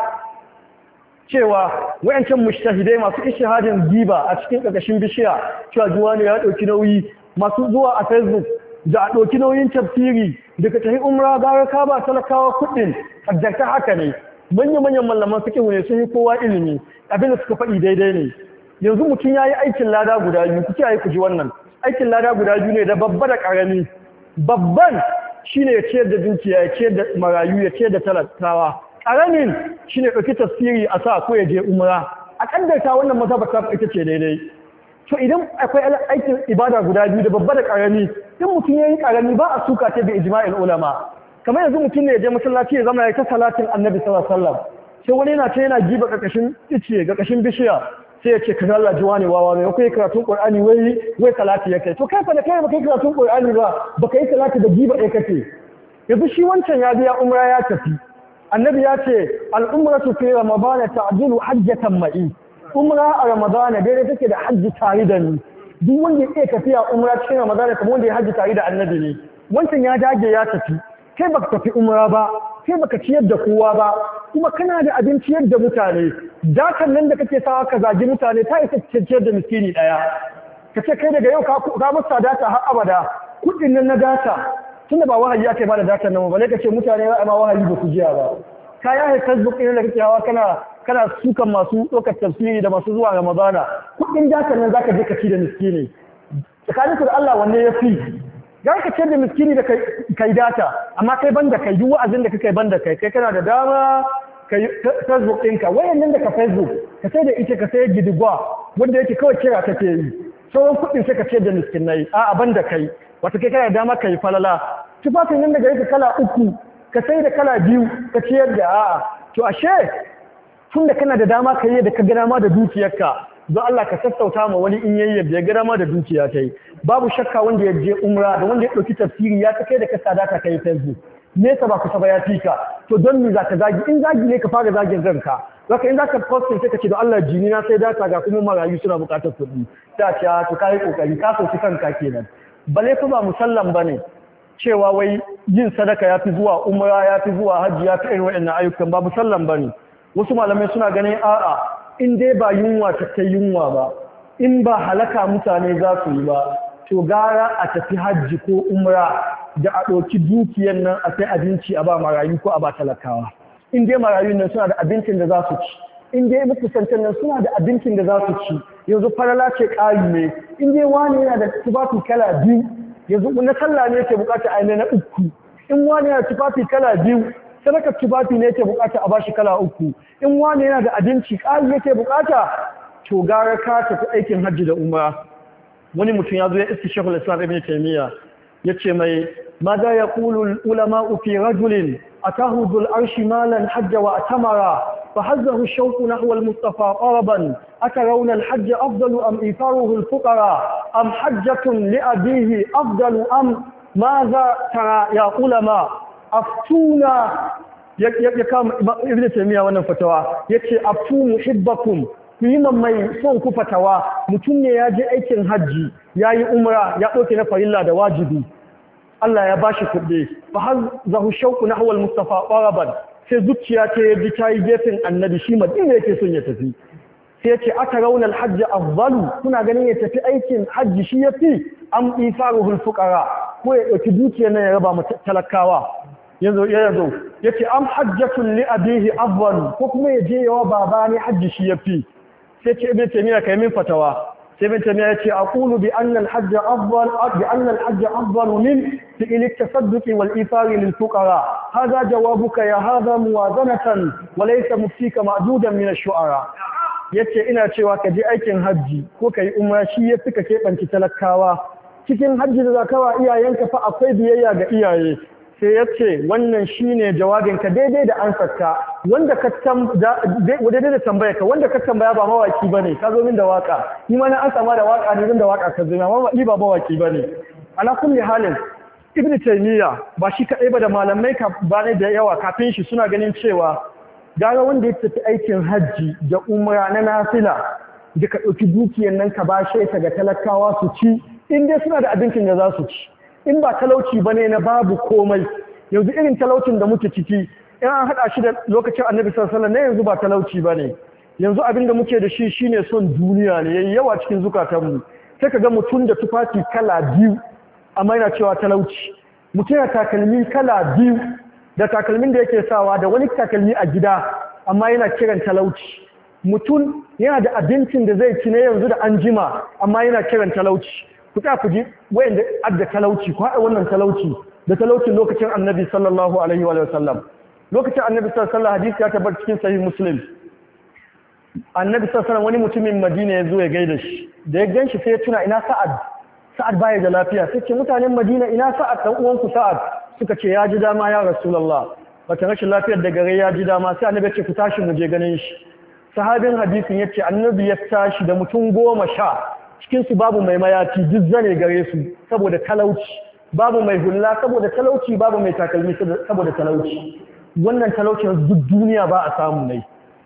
cewa wayancan mushtahidai masu ishihadin giba a cikin ƙarƙashin bishiya cewa juwani ya ɗauki nauyi masu zuwa a facebook da a ɗauki nauyin tafsiri daga tafi umra gara ka ba talakawa kuɗin ƙaddarta haka ne manya-manyan mallaman suke ne sun yi kowa ilimi abinda suka faɗi daidai ne yanzu mutum ya yi aikin lada guda biyu kuke ku wannan aikin lada guda biyu ne da babba da ƙarami babban shine ya ciyar da dukiya ya ciyar da marayu ya ciyar da talatawa. ƙaramin shi ne ɗauki tasiri a sa ko ya je umara a ƙaddarta wannan mazhabar ta ita ce daidai to idan akwai aikin ibada guda biyu da babba da ƙarami in mutum ya yi ƙarami ba a suka ta bi ijma'il ulama kamar yanzu mutum ne ya je masallaci ya zama ya ta salatin annabi sallallahu alaihi wasallam sai wani yana ta yana giba ƙarƙashin ice ƙarƙashin bishiya sai ya ce ka Allah ji wani wawa ne akwai karatun Qur'ani wai wai salati ya to kai fa da kai ba karatun Qur'ani ba baka yi salati da giba ɗaya kake yanzu shi wancan ya biya umra ya tafi annabi ya ce su fi ramadana ta ta'dilu hajjatan ma'i umra a ramadana daidai take da hajji tare da ni duk wanda ya tafiya umra cikin ramadana kamar wanda ya hajji tare da annabi ne wancan ya dage ya tafi kai baka tafi umra ba kai baka ciyar da kowa ba kuma kana da abinci yadda mutane dakan nan da kake sawa ka zagi mutane ta isa ciyar da miskini daya ka ce kai daga yau ka musu data har abada kuɗin nan na data tunda ba wahayi aka ba da datar nan ba ne kace mutane ba ma wahayi ba ku jiya ba ka yaye facebook ɗin da kake hawa kana kana sukan masu ɗaukar tafsiri da masu zuwa ga mazana kuɗin datan nan zaka je ka ci da miskini tsakanin da Allah wanne ya fi ga ka ce da miskini da kai data amma kai banda kai duk wa'azin da kake banda kai kai kana da dama kai facebook ɗinka wayannan da ka facebook ka sai da ita ka sai gidigwa wanda yake kawai kira kake yi sauran kuɗin sai ka ce da miskinai a'a banda kai wata kai kana dama ka yi falala tufafin nan daga yake kala uku ka sai da kala biyu ka ciyar da a'a to ashe tun da kana da dama ka yi da ka gana ma da dukiyarka don Allah ka sassauta ma wani in yayyar da ya gana da dukiya ta yi babu shakka wanda ya je umra da wanda ya ɗauki tafsiri ya ta kai da ka sadaka ka yi facebook nesa ba ku ba ya fi ka to don me za ka zagi in zagi ne ka fara zagin zanka zaka in zaka postin sai ka ce da Allah jini na sai ta ga kuma marayu suna bukatar kuɗi ta ce to kai kokari ka soki kanka kenan bale ba musallan bane cewa wai yin sadaka ya fi zuwa umra ya fi zuwa hajji ya fi irin wa'annan ayyukan ba musallan bane wasu malamai suna ganin a'a in dai ba yunwa ta kai yunwa ba in ba halaka mutane za su yi ba to gara a tafi hajji ko umra da a ɗauki dukiyar nan a sai abinci a ba marayu ko a ba talakawa in dai marayun nan suna da abincin da za su ci in dai makusantan nan suna da abincin da za su ci yanzu farala ce ƙari ne in dai wani yana da tufafi kala biyu yanzu na sallah ne yake bukata a na uku in wani yana da tufafi kala biyu sadakar tufafi ne yake bukata a bashi kala uku in wani yana da abinci ƙari yake bukata to gara ka tafi aikin hajji da umra wani mutum ya zo ya iske shekul islam ibn taymiya yace mai ماذا يقول العلماء في رجل أتاه ذو العرش مالا حج وأتمرا فحزه الشوق نحو المصطفى قربا أترون الحج أفضل أم إيثاره الفقراء أم حجة لأبيه أفضل أم ماذا ترى يا علماء أفتونا يكام ابن تيمية وانا فتوى يكي أفتو محبكم ku yi mai son ku fatawa mutum ne ya je aikin hajji ya yi umra ya ɗauke na farilla da wajibi Allah ya bashi kuɗi Ba har zahu shauku na hawal Mustapha ƙwaraban sai zuciya ce ya ji ta yi gefen annabi shi ma ɗin yake son ya tafi sai ce aka raunar hajji zalu kuna ganin ya tafi aikin hajji shi ya fi an isaruhul fuqara ko ya ɗauki dukiya na ya raba ma talakawa yanzu ya yazo ce an hajjatun li abihi afzalu ko kuma ya je yawa baba ne hajji shi ya fi sai ce ibn taymiya kai min fatawa sai ibn taymiya ya ce aqulu bi anna al-hajj afdal bi anna al-hajj afdal min fi'l at-tasadduq wal ithar lil fuqara hadha jawabuka ya hadha muwazanatan wa laysa muftika ma'dudan min ash-shu'ara yace ina cewa ka je aikin hajji ko kai umra shi ya suka kebanci talakawa cikin hajji da zakawa iyayenka fa akwai biyayya ga iyaye sai ya ce wannan shi ne jawabinka daidai da ansarka wanda ka tambaya ka wanda ka tambaya ba mawaki ne ka zo min da waka ni ma na an sama da waka ne zan da waka ka zo ma ni ba mawaki bane ala kulli halin ibnu taymiya ba shi kadai ba da malamai ka ne da yawa kafin shi suna ganin cewa gara wanda ya tafi aikin hajji da umra na nafila da ka ɗauki dukiyar nan ka ba bashe ta ga talakawa su ci in dai suna da abincin da za su ci in ba talauci ba ne na babu komai yanzu irin talaucin da muke ciki in an haɗa shi da lokacin annabi sallallahu na yanzu ba talauci ba ne yanzu abin da muke da shi shi ne son duniya ne yayi yawa cikin zukatanmu sai ka ga mutum da tufafi kala biyu amma yana cewa talauci mutum ya takalmi kala biyu da takalmin da yake sawa da wani takalmi a gida amma yana kiran talauci mutum yana da abincin da zai ci na yanzu da an jima amma yana kiran talauci ku ta ku ji wayanda adda talauci ko haɗa wannan talauci da talaucin lokacin annabi sallallahu alaihi wa sallam lokacin annabi sallallahu alaihi hadisi ya tabbata cikin sahih muslim annabi sallallahu alaihi wani mutumin madina ya zo ya gaida shi da ya ganshi sai ya tuna ina sa'ad sa'ad baya da lafiya sai ce mutanen madina ina sa'ad dan uwanku sa'ad suka ce ya ji dama ya rasulullah bata rashin lafiyar da gare ya ji dama sai annabi ya ce ku tashi mu je ganin shi sahabin hadisin ya ce annabi ya tashi da mutum goma sha cikinsu babu mai mayaci duk zane gare su saboda talauci babu mai hulla saboda talauci babu mai takalmi saboda talauci wannan talaucin duk duniya ba a samu mai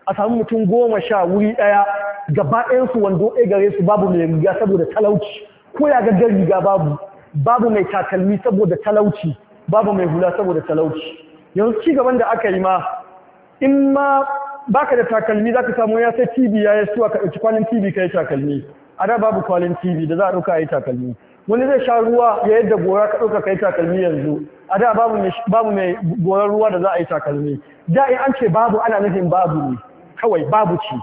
a samu mutum goma sha wuri ɗaya gaba ɗayansu wando ɗaya gare su babu mai riga saboda talauci ko ya gaggar riga babu babu mai takalmi saboda talauci babu mai hula saboda talauci yanzu ci gaban da aka yi ma in ma baka da takalmi za ka samu ya sai TV ya yi suwa ka ɗauki kwanan TV ka yi takalmi a da babu kwalin tv da za a ɗauka a yi takalmi wani zai sha ruwa ya yadda gora ka ɗauka ka yi takalmi yanzu a da babu mai goran ruwa da za a yi takalmi da in an ce babu ana nufin babu ne kawai babu ci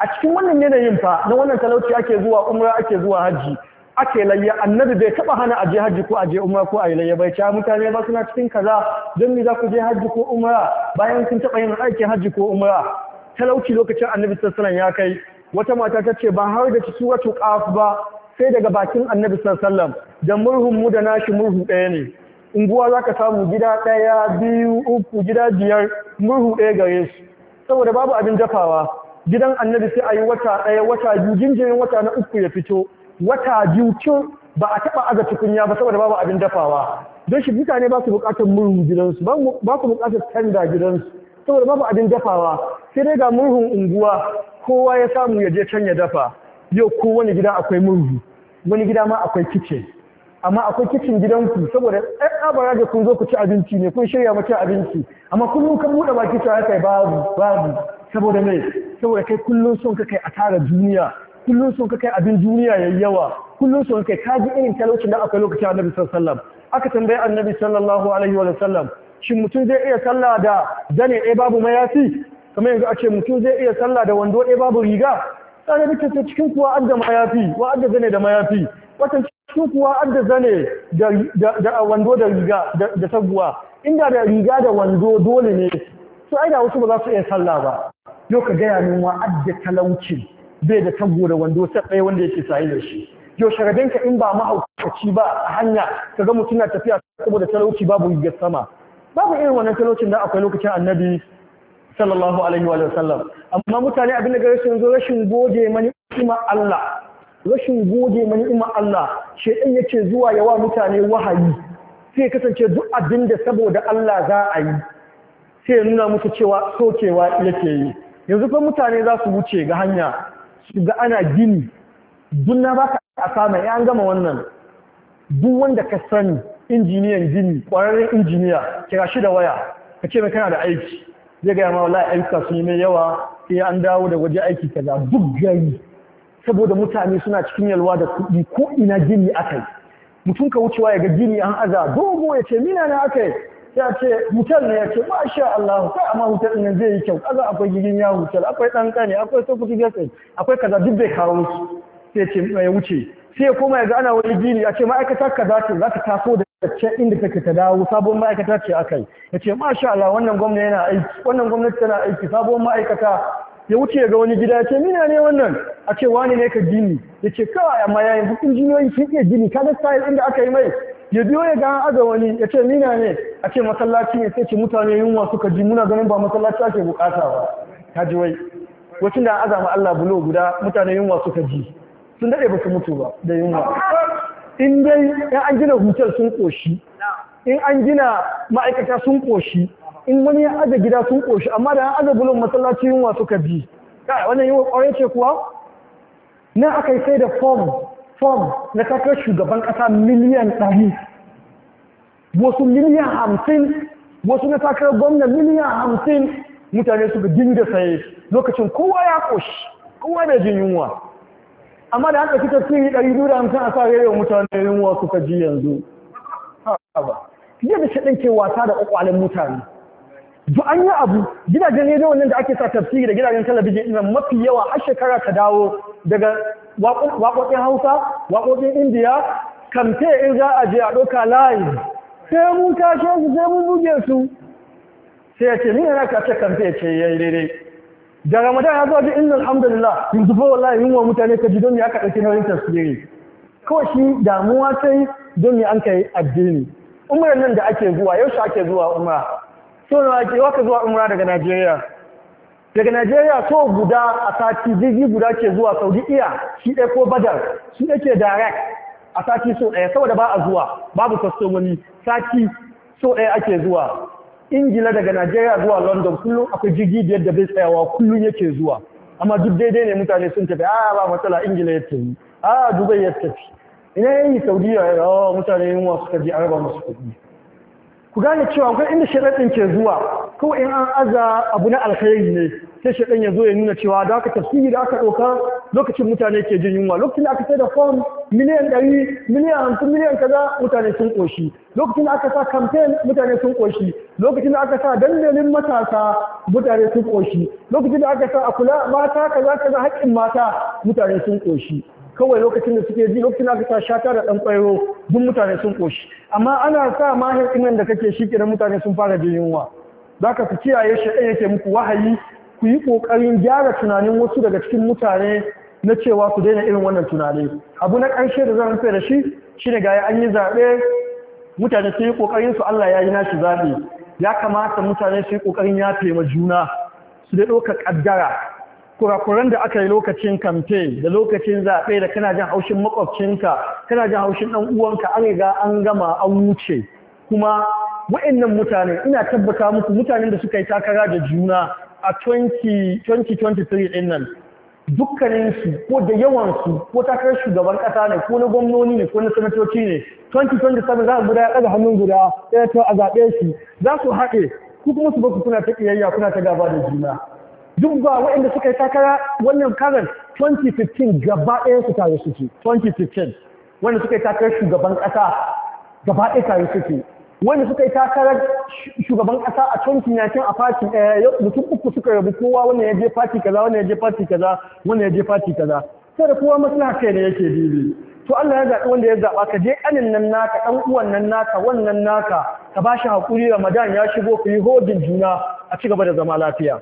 a cikin wannan yanayin fa na wannan talauci ake zuwa umra ake zuwa hajji ake layya annabi bai taba hana a je hajji ko a je umra ko a yi layya bai ta ah, mutane ba suna cikin kaza don me za ku je hajji ko umra bayan sun taba yin aikin hajji ko umra talauci lokacin annabi sallallahu ya kai wata mata ta ce ba har da suratu qaf ba sai daga bakin annabi sallallahu alaihi wasallam da murhun mu da nashi murhu ɗaya ne unguwa zaka samu gida ɗaya biyu uku gida biyar murhu ɗaya gare su saboda babu abin dafawa gidan annabi sai a yi wata ɗaya wata biyu jinjirin wata na uku ya fito wata biyu ce ba a taba aga tukunya ba saboda babu abin dafawa don shi mutane ba su buƙatar murhu gidansu ba su buƙatar tanda gidansu saboda babu abin dafawa sai dai ga murhun unguwa kowa ya samu ya je can ya dafa yau ko wani gida akwai murhu wani gida ma akwai kicin amma akwai kicin gidanku saboda ɗan abara da kun zo ku ci abinci ne kun shirya mace abinci amma kullum kan buɗe baki cewa kai babu babu saboda mai saboda kai kullum son ka kai a tara duniya kullum son ka kai abin duniya yayi yawa kullum son kai ka irin talaucin da akwai lokacin annabi sallallahu alaihi wasallam aka tambaye annabi sallallahu alaihi wasallam shin mutum zai iya sallah da zane ɗaya babu mayafi kamar yanzu a ce mutum zai iya sallah da wando ɗaya babu riga tsare da ta cikin kuwa adda mayafi wa adda zane da mayafi wata cikin kuwa adda zane da wando da riga da sabuwa inda da riga da wando dole ne su ai da wasu ba za su iya sallah ba yau ka gaya min wa adda talauci bai da taggo da wando sai ɗaya wanda yake sayi da shi yau sharadanka in ba mahaukaci ba a hanya ka ga mutum na tafiya saboda talauci babu rigar sama babu irin wannan talaucin da akwai lokacin annabi sallallahu alaihi wa sallam amma mutane abin da garisun zo rashin goge mani ima Allah rashin goge mani ima Allah shedan yake zuwa yawa mutane wahayi sai kasance duk abin da saboda Allah za a yi sai nuna musu cewa sokewa yake yi yanzu fa mutane za su wuce ga hanya su ga ana gini dunna ba ka asama ya eh gama wannan duk wanda ka sani injiniyan gini ƙwararren injiniya kira shi da waya ka ce mai kana da aiki zai gaya ma wala ayyuka su yi mai yawa sai an dawo da waje aiki ka za duk gari saboda mutane suna cikin yalwa da kuɗi ko ina gini aka yi mutum ka wucewa ya ga gini an aza dogo ya ce mina na yi ya ce hutar ne ya ce sha Allah amma hutar nan zai yi kyau kaza akwai gigin ya hutar akwai dan kane akwai sofutu gasa akwai kaza duk bai kawo su sai ce ya wuce sai ya koma ya ga ana wani gini ya ce ma'aikata kaza ce za ta taso da can inda take ta dawo sabon ma'aikata ce aka yi ya ce masha Allah wannan gwamna yana aiki wannan gwamnati tana aiki sabon ma'aikata ya wuce ga wani gida ya ce mina ne wannan a ce wani ne ka gini ya ce kawai amma yayin duk injiniyoyi sun iya gini kada style inda aka yi mai ya biyo ya ga aga wani ya ce mina ne a ce masallaci ne sai ce mutane yunwa suka ji muna ganin ba masallaci ake bukata ba ta ji wai wacin da an azama Allah bulo guda mutane yunwa suka ji sun daɗe ba su mutu ba da yunwa in dai ya an gina hutar sun ƙoshi, in an gina ma'aikata sun ƙoshi, in wani ya aje gida sun ƙoshi, amma da an aje bulon masallaci yunwa suka bi kai wannan yunwa kwarai ce kuwa na aka yi sai da form form na kakar shugaban kasa miliyan ɗari wasu miliyan hamsin wasu na kakar gwamna miliyan hamsin mutane suka dinga saye lokacin kowa ya ƙoshi, kowa da jin yunwa amma da an ɗauki tafsiri ɗari duk da hamsin a sa yau mutane yunwa suka ji yanzu ba fiye da shaɗin ke wasa da ƙwaƙwalen mutane duk an yi abu gidajen rediyo nan da ake sa tafsiri da gidajen talabijin ina mafi yawa a shekara ta dawo daga waƙoƙin hausa waƙoƙin indiya kamfe in za a je a ɗauka layi sai mun kashe su sai mun buge su sai ya ce ni na kashe kamfe ce yayi daidai da ramadan ya zo ji inna alhamdulillah yanzu fa wallahi wa mutane ka ji don me aka dauke nauyin tasiri kawai shi damuwa sai don me an kai addini umrar nan da ake zuwa yau shi ake zuwa umra so na ake waka zuwa umra daga Najeriya daga Najeriya so guda a sati jirgi guda ke zuwa Saudi iya shi ɗaya ko Badar shi ke direct a sati so ɗaya saboda ba a zuwa babu kwastomomi sati so ɗaya ake zuwa ingila daga najeriya zuwa london kullum akwai jirgi biyar da bai tsayawa kullum yake zuwa amma duk daidai ne mutane sun tafi a ah, ba matsala ingila ya tafi a ah, dubai ya tafi ina yi saudiya ya oh, mutane yunwa suka je araba masu kuɗi ku gane cewa kuma inda shaɗaɗin ke zuwa kawai in an aza abu na alkhairi ne sai sharaɗin ya zo ya nuna cewa da aka tafsiri da aka ɗauka lokacin mutane ke jin yunwa lokacin da aka sai da fom miliyan ɗari miliyan hamsin miliyan kaza mutane sun ƙoshi lokacin da aka sa kamfen mutane sun ƙoshi lokacin da aka sa dandalin matasa mutane sun ƙoshi lokacin da aka sa a kula mata kaza kaza haƙƙin mata mutane sun ƙoshi kawai lokacin da suke ji lokacin aka sa shata da ɗan ƙwairo duk mutane sun koshi amma ana sa mahir ɗinan da kake shi kiran mutane sun fara jin yunwa zaka ka fi kiyaye shi ɗaya yake muku wahayi ku yi ƙoƙarin gyara tunanin wasu daga cikin mutane na cewa ku daina irin wannan tunani abu na karshe da zan rufe da shi shine ga an yi zabe mutane su yi su Allah ya yi nashi zaɓe ya kamata mutane su yi ƙoƙarin yafe ma juna su da doka ƙaddara kurakuran da aka yi lokacin kamfe da lokacin zaɓe da kana jin haushin makwabcinka kana jin haushin ɗan uwanka an riga an gama an wuce kuma wa'annan mutane ina tabbata muku mutanen da suka yi takara da juna a 2023 ɗin nan dukkaninsu ko da yawansu ko takarar shugaban ƙasa ne ko na gwamnoni ne ko na sanatoci ne 2027 za a guda ya ɗaga hannun guda ɗaya to a zaɓe shi za su haɗe ku kuma su ba ku kuna ta kiyayya kuna ta gaba da juna duk ba waɗanda suka yi takara wannan karar 2015 gaba ɗaya su tare suke 2015 wanda suka yi takarar shugaban ƙasa gaba ɗaya tare suke wanda suka yi takarar shugaban ƙasa a 2019 a fati ɗaya eh, mutum uku suka rabu kowa wanda ya je fati kaza wanda ya je fati kaza wanda ya je fati kaza sai da kowa maslaha kai ne yake bibi to Allah ya zaɓi wanda ya zaɓa ka je ƙanin nan naka ɗan uwan nan naka wannan naka ka ba shi haƙuri Ramadan ya shigo ku yi hodin juna a ci gaba da zama lafiya.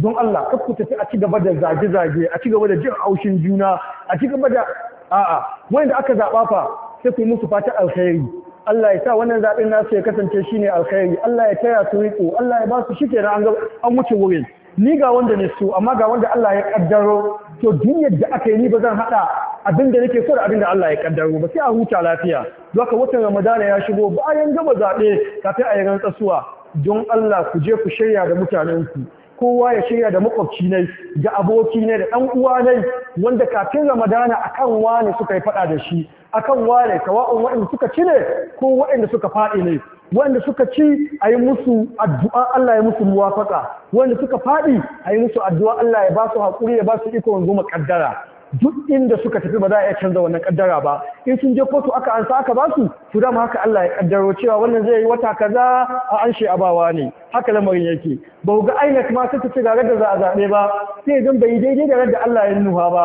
don Allah kar ku tafi a ci gaba da zage-zage a ci gaba da jin aushin juna a ci gaba da a'a wanda aka zaɓa fa sai ku musu fata alkhairi Allah ya sa wannan zaɓin nasu ya kasance shi ne alkhairi Allah ya taya su riƙo Allah ya ba su shike na an wuce wurin ni ga wanda ne su amma ga wanda Allah ya kaddaro to duniyar da aka yi ni ba zan hada abin da nake so da abin da Allah ya kaddaro ba sai a huta lafiya don haka watan Ramadana ya shigo bayan gaba zaɓe kafin a yi rantsasuwa don Allah ku je ku shirya da mutanen ku kowa ya shirya da makwabci ne da aboki ne da ɗan uwa ne wanda kafin ramadana akan wane suka yi faɗa da shi akan wane sawa'un waɗanda suka ci ne ko waɗanda suka faɗi ne wanda suka ci a yi musu addu'a Allah ya musu muwafaka wanda suka faɗi a yi musu addu'a Allah ya ba su haƙuri ya ba su ikon goma ƙaddara duk inda suka tafi ba za a iya canza wannan kaddara ba in sun je kotu aka ansa aka ba su to dama haka Allah ya kaddaro cewa wannan zai yi wata kaza a an shi abawa ne haka lamarin yake ba ga INEC ma su ta ci gare da za a zaɓe ba sai zan bai daidai da da Allah ya nuha ba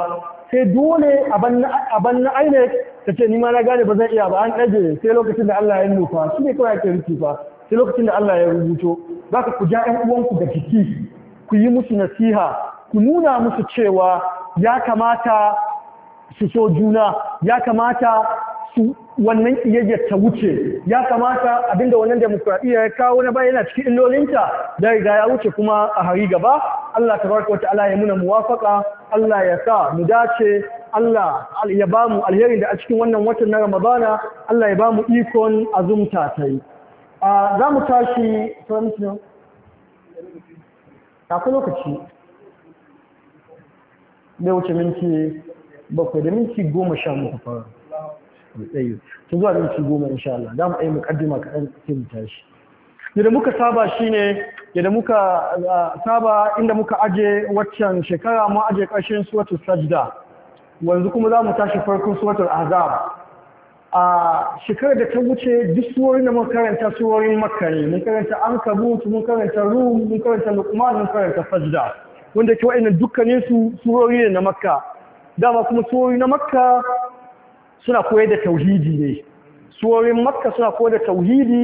sai dole a ban na INEC ta ce ni ma na gane ba zan iya ba an ɗaje sai lokacin da Allah ya nufa shi ne kawai ke rufi fa sai lokacin da Allah ya rubuto za ku ja 'yan uwanku da jiki ku yi musu nasiha ku nuna musu cewa ya kamata su so juna ya kamata su wannan kiyayyar ta wuce ya kamata abinda wannan demokradiyya ya kawo na yana cikin illolinta da riga ya wuce kuma a hari gaba Allah ta barka wata ala ya muna muwafaka Allah ya sa mu dace Allah ya ba mu alheri da a cikin wannan watan na Ramadana Allah ya ba mu ikon azumta ta yi za mu tashi bai wuce minti bakwai da minti goma sha muku fara da tsayi tun zuwa minti goma insha Allah za mu ɗaya muƙaddima kaɗan sai mu tashi yadda muka saba shi ne yadda muka saba inda muka aje waccan shekara mu aje ƙarshen suwatar sajda wanzu kuma za mu tashi farkon suwatar azab a shekarar da ta wuce duk suworin da mun karanta suworin makka ne mun karanta an kabutu mun karanta rum mun karanta lukman mun karanta sajda wanda ke wa'in dukkanin su surori ne na makka dama kuma surori na makka suna koyar da tauhidi ne surorin makka suna koyar da tauhidi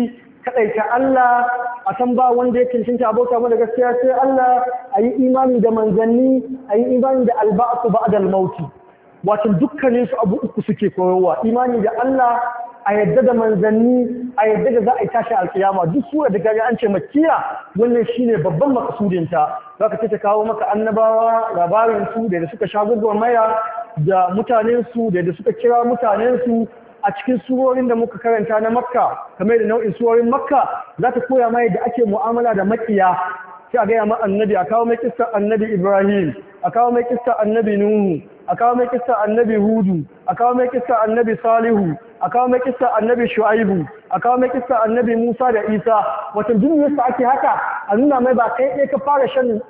kaɗaita Allah a san ba wanda ya cancanta abota da gaskiya sai Allah a yi imani da manzanni a yi imani da alba'atu ba'dal mauti wato dukkanin su abu uku suke koyarwa imani da Allah a yadda da manzanni a yadda da za a yi tashi alkiyama duk sura da gari an ce makiya wannan shine babban makasudinta za ka ce kawo maka annabawa labarin su da suka sha maya da mutanen su da suka kira mutanensu a cikin surorin da muka karanta na makka kamar da nau'in surorin makka za ta koya ma yadda ake mu'amala da makiya sai a gaya ma annabi a kawo mai kista annabi ibrahim a kawo mai kista annabi nuhu a kawo mai kissa annabi hudu a kawo mai kissa annabi salihu a kawo mai kissa annabi shu'aibu a kawo mai kissa annabi musa da isa wata duniyarsa ake haka a nuna mai ba kai ɗaya ka fara shan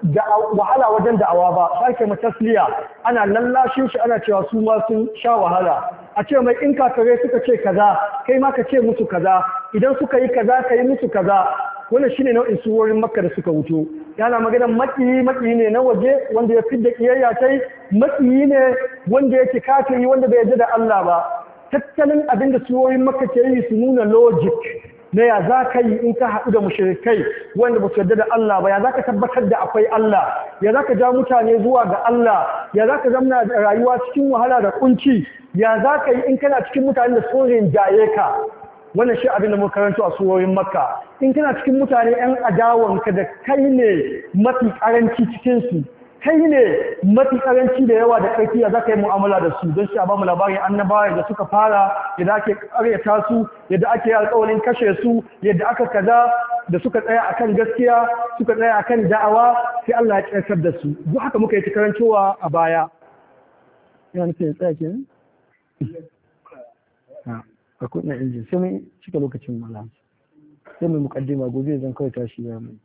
wahala wajen da'awa ba sake mu tasliya ana lallashin shi ana cewa su ma sun sha wahala a ce mai in kafirai suka ce kaza kai ma ka ce musu kaza idan suka yi kaza ka yi musu kaza wannan shine nau'in wurin makka da suka wuto yana magana makiyi makiyi ne na waje wanda ya fidda kiyayya tai makiyi ne wanda yake kafiri wanda bai yarda da Allah ba tattalin abin da suwoyin maka ke yi su nuna logic na ya za ka yi in ka haɗu da mushrikai wanda ba su yarda da Allah ba ya za ka tabbatar da akwai Allah ya za ka ja mutane zuwa ga Allah ya za ka zamna rayuwa cikin wahala da kunci ya za ka yi in kana cikin mutane da sun jaye ka wannan shi abin da muka karanto a suwoyin makka in kana cikin mutane yan ka da kai ne mafi karanci cikin su kai ne mafi karanci da yawa da karfi za ka yi mu'amala da su don shi a bamu labarin annabawa da suka fara yadda ake karyata su yadda ake alƙawarin kashe su yadda aka kaza da suka tsaya akan gaskiya suka tsaya akan da'awa sai Allah ya tsayar da su duk haka muka yi karantowa a baya yana nufin tsaya kenan a kudin injin sai mun cika lokacin malam sai mai mukaddima gobe zan kawai tashi ya mai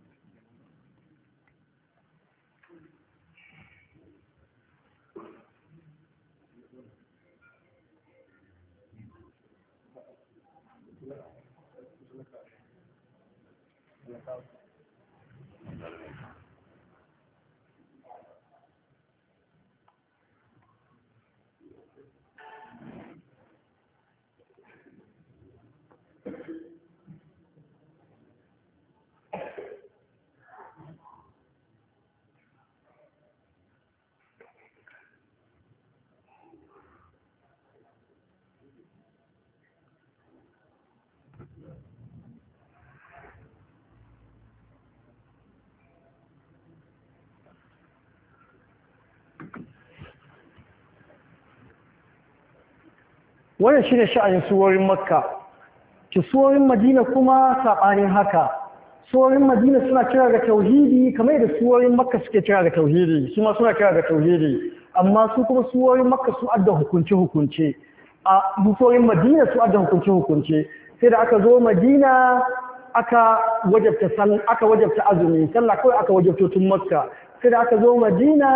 wannan shine sha'anin suwarin makka ki suwarin madina kuma saɓanin haka suwarin madina suna kira ga tauhidi kamar yadda suwarin makka suke kira ga tauhidi su ma suna kira ga tauhidi amma su kuma suwarin makka su adda hukunce hukunce a suwarin madina su adda hukunce hukunce sai da aka zo madina aka wajabta aka wajabta azumi sallah kawai aka wajabta tun makka sai da aka zo madina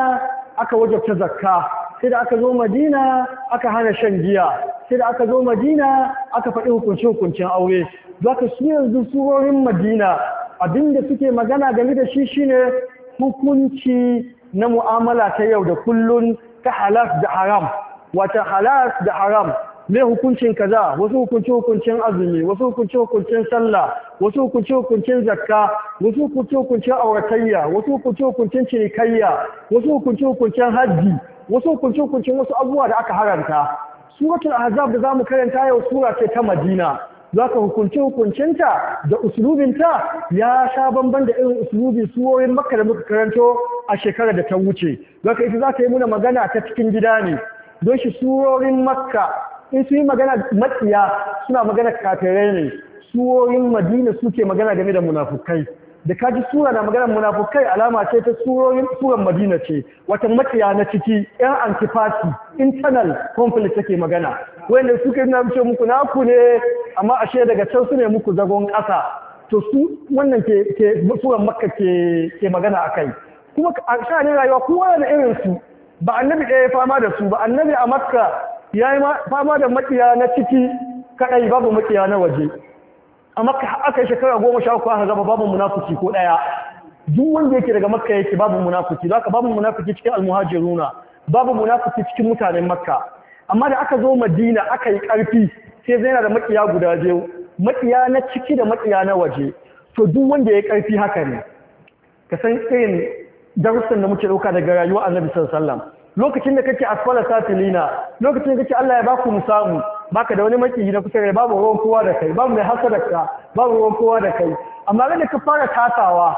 aka wajabta zakka sai da aka zo madina aka hana shan giya sai da aka zo madina aka faɗi hukunce-hukuncen aure ka su yanzu surorin madina abinda suke magana game da shi shine hukunci na mu'amala ta yau da kullun ta halas da haram wata halas da haram mai hukuncin kaza wasu hukunci hukuncin azumi wasu hukunci hukuncin sallah wasu hukunci hukuncin zakka wasu hukunci hukuncin auratayya wasu hukunci hukuncin cinikayya wasu hukunci hukuncin hajji wasu hukunce hukuncin wasu abubuwa da aka haramta suratul ahzab da zamu karanta yau sura ce ta madina zaka hukunce hukuncinta da usulubinta ya sha bamban da irin usulubi suwoyin makka da muka karanto a shekarar da ta wuce zaka ita za ka yi muna magana ta cikin gida ne don shi surorin makka in su yi magana matsiya suna magana kafirai ne suwoyin madina suke magana game da munafukai da ka ji sura na maganar munafukai alama ce ta surorin suran madina ce wata makiya na ciki yan antifati internal conflict take magana wanda suka yi na muku naku ne amma ashe daga can su ne muku zagon ƙasa to su wannan ke suran makka ke magana a kai kuma a shanin rayuwa kuma da irin su ba annabi ɗaya ya fama da su ba annabi a makka ya yi fama da makiya na ciki kaɗai babu makiya na waje a maka aka shekara goma sha uku aka gaba babu munafuki ko daya duk wanda yake daga makka yake babu munafuki za ka babu munafuki cikin almuhajiruna babu munafuki cikin mutanen makka amma da aka zo madina aka yi karfi sai zai na da makiya guda biyu makiya na ciki da makiya na waje to duk wanda ya karfi haka ne ka san irin darussan da muke dauka daga rayuwa annabi sallallahu alaihi wasallam lokacin da kake asfala satilina lokacin da kake Allah ya baku musamu baka da wani makiyi na kusa babu ruwan kowa da kai babu mai hasada ka babu ruwan kowa da kai amma da ka fara tasawa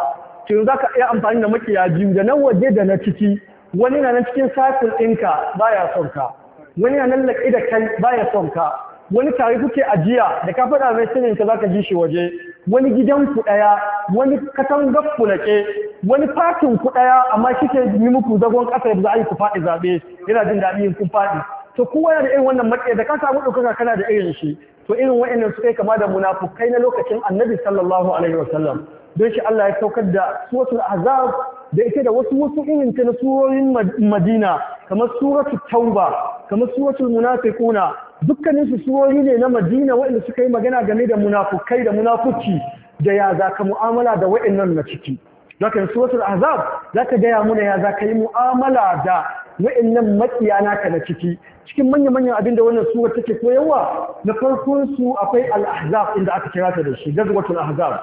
to yanzu ka iya amfani da makiya biyu da nan waje da na ciki wani na nan cikin cycle ɗinka baya son ka wani na nan laƙi da kai baya son ka wani tare kuke ajiya da ka faɗa mai sinin ka zaka ji shi waje wani gidan ku ɗaya wani katangar ku laƙe wani fatin ku ɗaya amma shi ke yi muku zagon ƙasa da za a yi ku faɗi zaɓe yana jin daɗi kun faɗi to kowa yana da irin wannan matsayi da ka samu ɗaukaka kana da irin shi to irin wa'annan su kai kama da munafukai na lokacin annabi sallallahu alaihi wasallam don shi Allah ya saukar da suratul azab da ita da wasu wasu irin ta na surorin madina kamar suratu tauba kamar suratul munafiquna dukkanin su surori ne na madina waɗanda suka yi magana game da munafukai da munafuki da ya za ka mu'amala da wa'annan na ciki Lakin suratul azab za ka gaya muna ya za ka yi mu'amala da wa'annan makiya naka na ciki cikin manyan manyan abin da wannan sura take koyarwa na farkon su akwai al-ahzab inda aka kira ta da shi gazwatul ahzab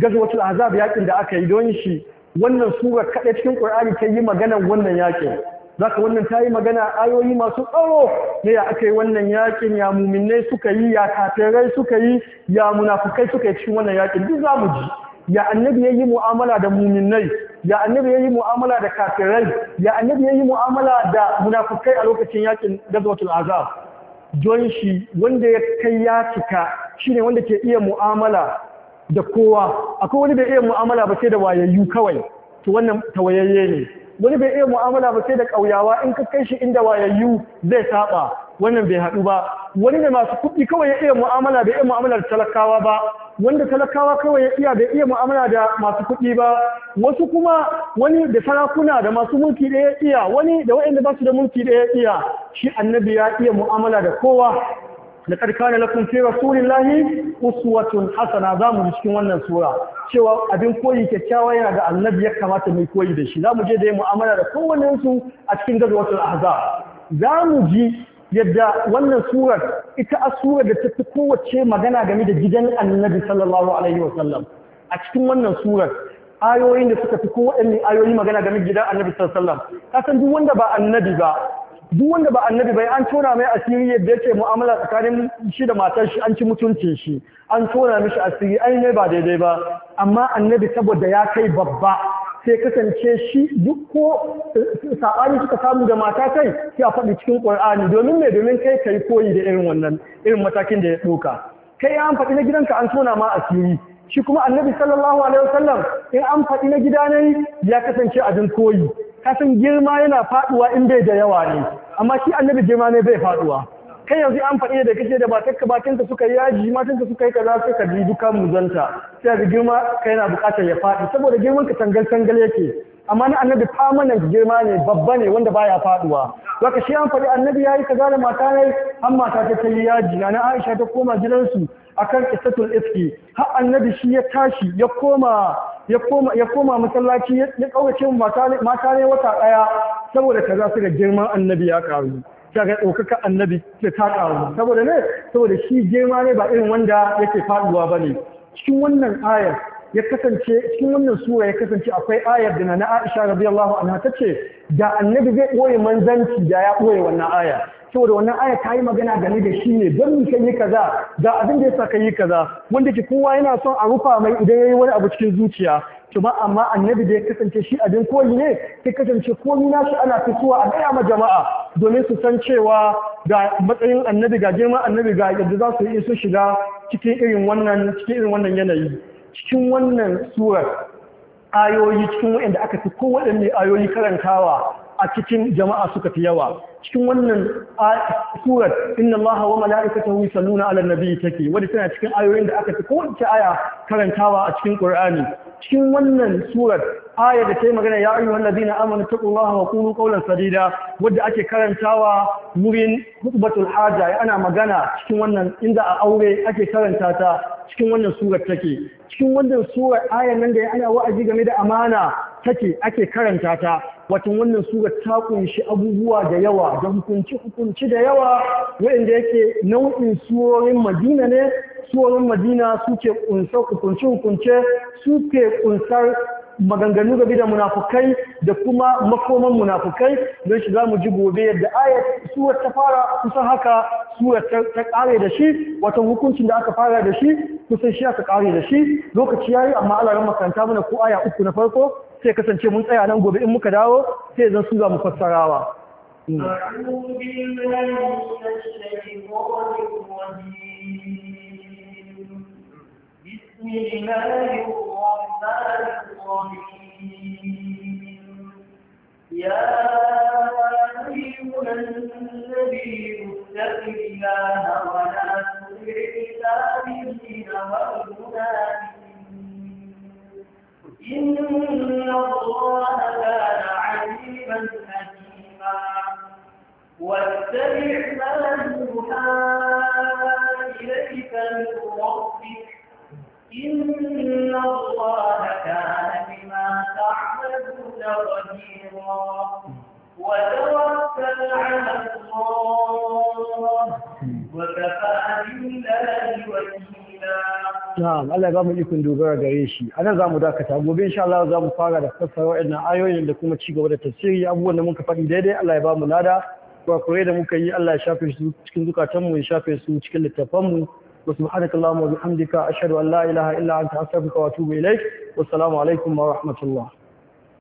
gazwatul ahzab yakin da aka yi don shi wannan sura kada cikin qur'ani ta yi magana wannan yakin zaka wannan ta yi magana ayoyi masu tsaro ne ya aka yi wannan yakin ya muminai suka yi ya kafirai suka yi ya munafukai suka yi cikin wannan yakin duk za mu ji ya annabi ya yi mu'amala da muminai ya annabi ya yi mu'amala da kafirai ya annabi ya yi mu'amala da munafukai a lokacin yakin gazwatul azab don shi wanda ya kai ya cika shine wanda ke iya mu'amala da kowa akwai wani bai iya mu'amala ba sai da wayayyu kawai to wannan tawayayye ne wani bai iya mu'amala ba sai da ƙauyawa in ka kai shi inda wayayyu zai saba wannan bai haɗu ba wanda masu kuɗi kawai ya iya mu'amala da iya mu'amala da talakawa ba wanda talakawa kawai ya iya bai iya mu'amala da masu kuɗi ba wasu kuma wani da sarakuna da masu mulki ɗaya iya wani da waɗanda ba su da mulki ɗaya iya shi annabi ya iya mu'amala da kowa لقد كان لكم fi rasulillahi uswatun hasana حسنة mu cikin wannan sura cewa abin koyi kyakkyawa yana da annabi ya kamata mai koyi da shi zamu je da mu'amala da kowannen su a cikin gazwatul ahzab zamu ji yadda wannan surar ita asurar da ta fi kowace magana game da gidan annabi sallallahu alaihi sallam a cikin wannan surar ayoyin da suka fi kowaɗanne ayoyi magana game da gidan annabi sallallahu alaihi wa sallam san duk wanda ba annabi ba duk wanda ba annabi bai an tona mai asiri yadda yake mu'amala tsakanin shi da matar shi an ci mutuncin shi an tona mishi asiri ai mai ba daidai ba amma annabi saboda ya kai babba sai kasance shi duk ko eh, saɓani suka samu da mata kai sai a faɗi cikin ƙur'ani domin mai domin kai kai koyi da irin wannan irin matakin da ya ɗauka kai an faɗi na gidanka an tona ma a asiri shi kuma annabi sallallahu alaihi wasallam in an faɗi na gida ne ya kasance abin koyi kasan girma yana faɗuwa in bai da yawa ne amma shi annabi girma ne bai faɗuwa kai yanzu an faɗi da kake da batakka bakinka suka yi yaji matanka suka yi kaza sai ka duka muzanta sai ga girma kai yana buƙatar ya faɗi saboda girman ka tangal tangal yake amma na annabi permanent girma ne babba ne wanda baya faduwa zaka shi an faɗi annabi yayi kaza da mata ne an mata ta yi yaji na Aisha ta koma gidansu akan qissatul iski har annabi shi ya tashi ya koma ya koma ya koma masallaci ya kaurace mata ne wata daya saboda kaza suka girman annabi ya karu daga ɗaukaka annabi da ta ƙaru saboda ne saboda shi gema ne ba irin wanda yake faɗuwa ba ne cikin wannan ayar ya kasance cikin wannan sura ya kasance akwai ayar da na Aisha radiyallahu anha tace da annabi zai ɓoye manzanci da ya ɓoye wannan aya saboda wannan ayar ta yi magana game da shi ne don mu yi kaza ga abin da ya sa ka yi kaza wanda ke kowa yana son a rufa mai idan ya yi wani abu cikin zuciya to amma annabi da ya kasance shi abin koyi ne ta kasance komi shi ana fitowa a gaya ma jama'a domin su san cewa ga matsayin annabi ga girman annabi ga yadda za su yi su shiga cikin irin wannan cikin irin wannan yanayi cikin wannan surar ayoyi cikin waɗanda aka fi kowaɗanne ayoyi karantawa a cikin jama'a suka fi yawa cikin wannan surat inna Allah wa mala'ikatahu yusalluna 'alan nabiyyi take wanda tana cikin ayoyin da aka fi kowace aya karantawa a cikin Qur'ani cikin wannan surar aya da ta yi magana ya ayyuhan ladina amanu taqullaha wa qulu qawlan sadida wadda ake karantawa wurin hutbatul haja ana magana cikin wannan inda a aure ake karanta ta cikin wannan surar take cikin wannan surar aya nan da ya ana wa'azi game da amana take ake karanta ta watan wannan surar ta kunshi abubuwa da yawa da hukunci hukunci da yawa wanda yake nau'in suwarin madina ne suwarin madina suke kunsa hukunci hukunce suke kunsar maganganu gabi da munafukai da kuma makoman munafukai don shi za mu ji gobe yadda ayat suwar ta fara kusan haka suwar ta kare da shi watan hukuncin da aka fara da shi kusan shi aka kare da shi lokaci yayi amma Allah ran makaranta mana ko aya uku na farko sai kasance mun tsaya nan gobe in muka dawo sai zan su za mu fassarawa بسم الله الرحمن الرحيم يا أيها النبي اتق الله ولا تطع الكافرين والمنافقين إن الله كان عليما حكيما واتبع ما يوحى إليك من ربك إن الله كان بما تعملون قديرا Na'am, Allah ya ba mu ikon dogara gare shi. A nan za mu dakata, gobe insha Allah za mu fara da fassara waɗannan ayoyin da kuma cigaba da tafsiri abubuwan da muka faɗi daidai Allah ya ba mu lada. Kwakurai da muka yi Allah ya shafe su cikin zukatanmu ya shafe su cikin littafanmu. وسبحانك اللهم وبحمدك أشهد أن لا إله إلا أنت أستغفرك وأتوب إليك والسلام alaikum wa rahmatullah.